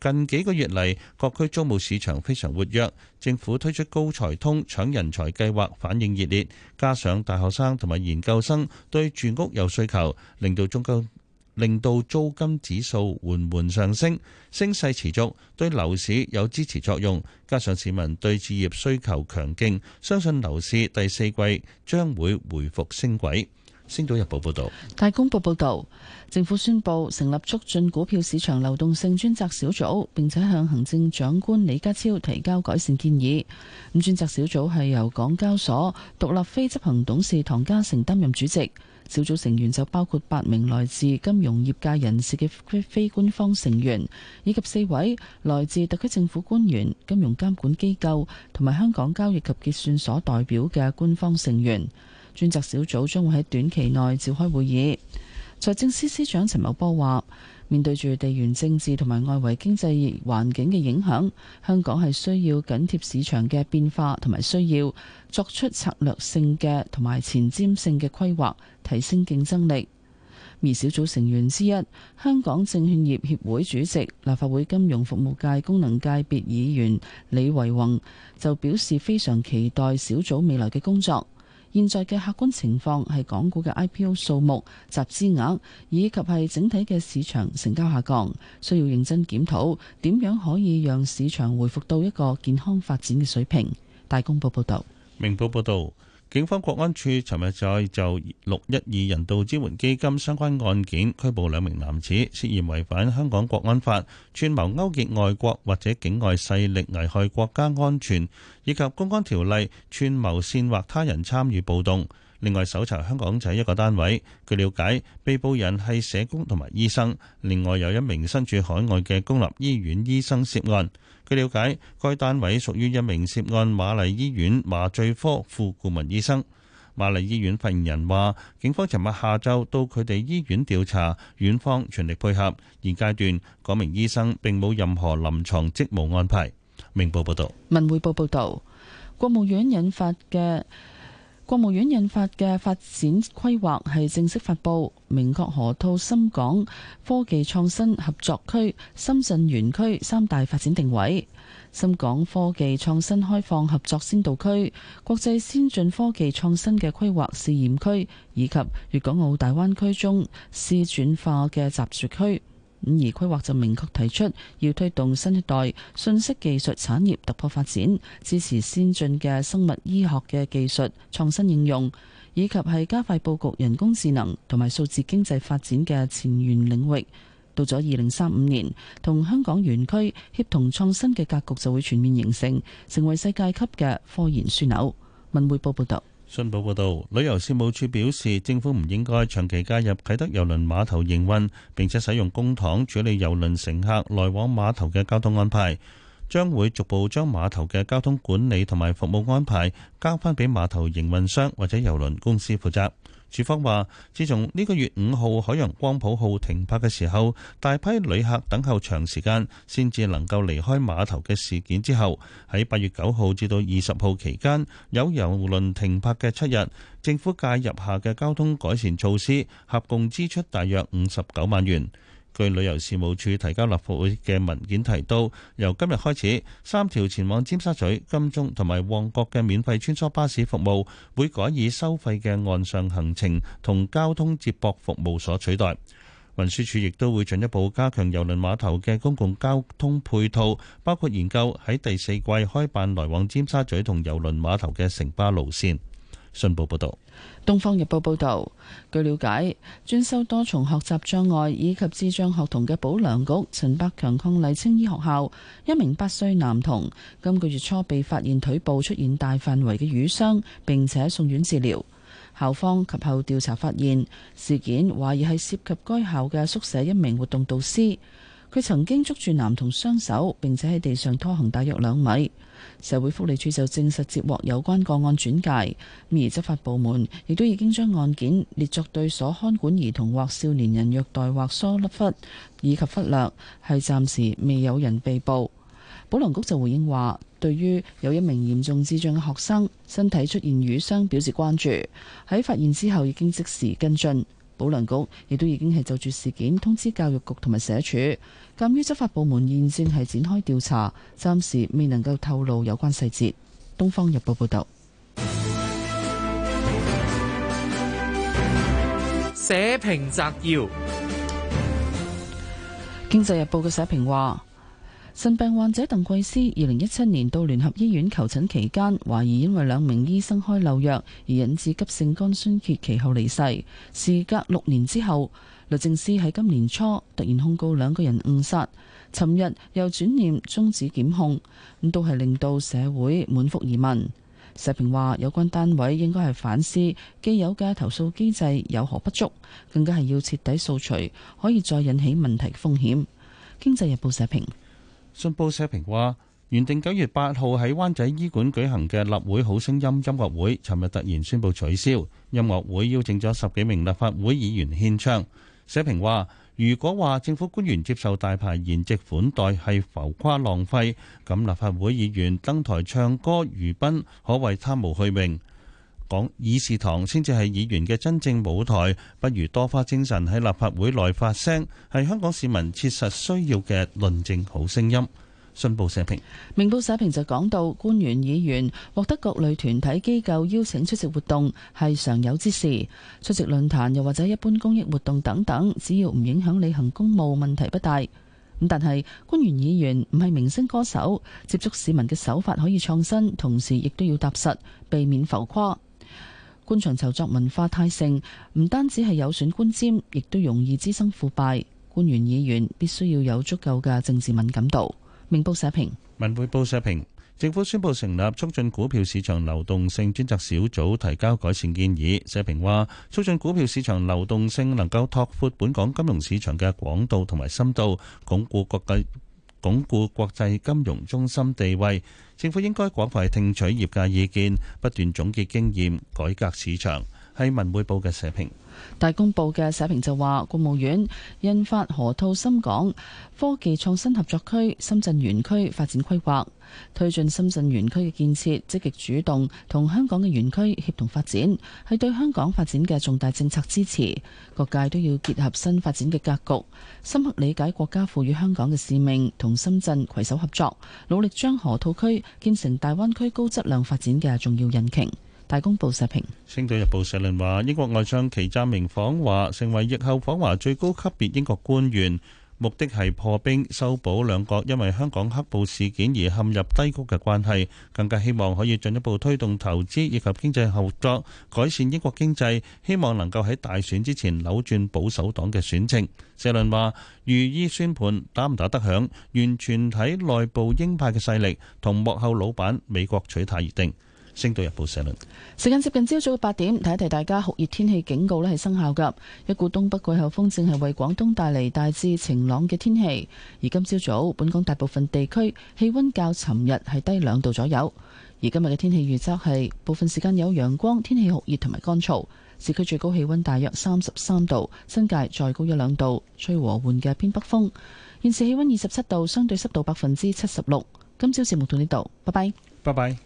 近幾個月嚟，各區租務市場非常活躍，政府推出高才通搶人才計劃，反應熱烈。加上大學生同埋研究生對住屋有需求，令到租金令到租金指數緩緩上升，升勢持續，對樓市有支持作用。加上市民對置業需求強勁，相信樓市第四季將會回復升軌。星島日報報道，大公報報道，政府宣布成立促進股票市場流動性專責小組，並且向行政長官李家超提交改善建議。咁專責小組係由港交所獨立非執行董事唐家成擔任主席，小組成員就包括八名來自金融業界人士嘅非官方成員，以及四位來自特區政府官員、金融監管機構同埋香港交易及結算所代表嘅官方成員。專責小組將會喺短期內召開會議。財政司司長陳茂波話，面對住地緣政治同埋外圍經濟環境嘅影響，香港係需要緊貼市場嘅變化同埋需要作出策略性嘅同埋前瞻性嘅規劃，提升競爭力。而小組成員之一，香港證券業協會主席、立法會金融服務界功能界別議員李維宏就表示，非常期待小組未來嘅工作。現在嘅客觀情況係港股嘅 IPO 數目、集資額以及係整體嘅市場成交下降，需要認真檢討點樣可以讓市場回復到一個健康發展嘅水平。大公報報道。明報報道。警方國安處尋日再就六一二人道支援基金相關案件拘捕兩名男子，涉嫌違反香港國安法串謀勾結外國或者境外勢力危害國家安全，以及公安條例串謀煽惑他人參與暴動。另外，搜查香港仔一個單位。據了解，被捕人係社工同埋醫生，另外有一名身處海外嘅公立醫院醫生涉案。據了解，該單位屬於一名涉案瑪麗醫院麻醉科副顧問醫生。瑪麗醫院發言人話，警方尋日下晝到佢哋醫院調查，院方全力配合。現階段，嗰名醫生並冇任何臨牀職務安排。明報報道，文匯報報道，國務院引發嘅。國務院印發嘅發展規劃係正式發布，明確河套深港科技創新合作區、深圳園區三大發展定位，深港科技創新開放合作先導區、國際先進科技創新嘅規劃試驗區，以及粵港澳大灣區中試轉化嘅集聚區。五二規劃就明確提出要推動新一代信息技術產業突破發展，支持先進嘅生物醫學嘅技術創新應用，以及係加快佈局人工智能同埋數字經濟發展嘅前沿領域。到咗二零三五年，同香港園區協同創新嘅格局就會全面形成，成為世界級嘅科研樞紐。文匯報報道。信報報導，旅遊事務處表示，政府唔應該長期加入啟德郵輪碼頭營運，並且使用公帑處理郵輪乘客來往碼頭嘅交通安排，將會逐步將碼頭嘅交通管理同埋服務安排交翻俾碼頭營運商或者郵輪公司負責。主方話自從呢個月五號海洋光譜號停泊嘅時候，大批旅客等候長時間先至能夠離開碼頭嘅事件之後，喺八月九號至到二十號期間，有遊輪停泊嘅七日，政府介入下嘅交通改善措施，合共支出大約五十九萬元。據旅遊事務署提交立法會嘅文件提到，由今日開始，三條前往尖沙咀、金鐘同埋旺角嘅免費穿梭巴士服務會改以收費嘅岸上行程同交通接駁服務所取代。運輸署亦都會進一步加強郵輪碼頭嘅公共交通配套，包括研究喺第四季開辦來往尖沙咀同郵輪碼頭嘅城巴路線。信報報導，《東方日報》報導，據了解，專收多重學習障礙以及智障學童嘅保良局陳百強伉儷青衣學校一名八歲男童，今個月初被發現腿部出現大範圍嘅瘀傷，並且送院治療。校方及後調查發現，事件懷疑係涉及該校嘅宿舍一名活動導師，佢曾經捉住男童雙手，並且喺地上拖行大約兩米。社會福利署就證實接獲有關個案轉介，而執法部門亦都已經將案件列作對所看管兒童或少年人虐待或疏忽以及忽略，係暫時未有人被捕。保良局就回應話，對於有一名嚴重智障嘅學生身體出現瘀傷，表示關注，喺發現之後已經即時跟進。保良局亦都已經係就住事件通知教育局同埋社署，鑒於執法部門現正係展開調查，暫時未能夠透露有關細節。東方日報報道，社評摘要，《經濟日報》嘅社評話。腎病患者鄧桂思，二零一七年到聯合醫院求診期間，懷疑因為兩名醫生開漏藥而引致急性肝衰竭，其後離世。事隔六年之後，律政司喺今年初突然控告兩個人誤殺，尋日又轉念終止檢控，咁都係令到社會滿腹疑問。社評話，有關單位應該係反思既有嘅投訴機制有何不足，更加係要徹底掃除可以再引起問題風險。經濟日報社評。信報社評話，原定九月八號喺灣仔醫館舉行嘅立會好聲音音樂會，尋日突然宣布取消。音樂會邀請咗十幾名立法會議員獻唱。社評話，如果話政府官員接受大牌筵席款待係浮誇浪費，咁立法會議員登台唱歌娛賓，可謂貪慕虛榮。講，議事堂，先至係議員嘅真正舞台，不如多花精神喺立法會內發聲，係香港市民切實需要嘅論證好聲音。信報社評，明報社評就講到，官員議員獲得各類團體機構邀請出席活動係常有之事，出席論壇又或者一般公益活動等等，只要唔影響履行公務，問題不大。咁但係官員議員唔係明星歌手，接觸市民嘅手法可以創新，同時亦都要踏實，避免浮誇。官場酬酢文化太盛，唔單止係有損官箴，亦都容易滋生腐敗。官員議員必須要有足夠嘅政治敏感度。明報社評，文匯報社評，政府宣布成立促進股票市場流動性專責小組，提交改善建議。社評話，促進股票市場流動性能夠拓闊本港金融市場嘅廣度同埋深度，鞏固國際鞏固國際金融中心地位。政府應該廣泛聽取業界意見，不斷總結經驗，改革市場，係文匯報嘅社評。大公報嘅社評就話，國務院印發河套深港科技創新合作區深圳園區發展規劃。推進深圳園區嘅建設，積極主動同香港嘅園區協同發展，係對香港發展嘅重大政策支持。各界都要結合新發展嘅格局，深刻理解國家賦予香港嘅使命，同深圳攜手合作，努力將河套區建成大灣區高質量發展嘅重要引擎。大公報社評，星島日報社論話，英國外相祁湛明訪華，成為疫後訪華最高級別英國官員。目的係破冰、修補兩國因為香港黑暴事件而陷入低谷嘅關係，更加希望可以進一步推動投資以及經濟合作，改善英國經濟。希望能夠喺大選之前扭轉保守黨嘅選情。社論話：如意算盤打唔打得響，完全睇內部鷹派嘅勢力同幕後老闆美國取態而定。《星島日報》社論，時間接近朝早八點，提一提大家酷熱天氣警告咧係生效噶。一股東北季候風正係為廣東帶嚟大致晴朗嘅天氣。而今朝早本港大部分地區氣温較尋日係低兩度左右。而今日嘅天氣預測係部分時間有陽光，天氣酷熱同埋乾燥。市區最高氣温大約三十三度，新界再高一兩度。吹和緩嘅偏北風。現時氣温二十七度，相對濕度百分之七十六。今朝節目到呢度，拜拜，拜拜。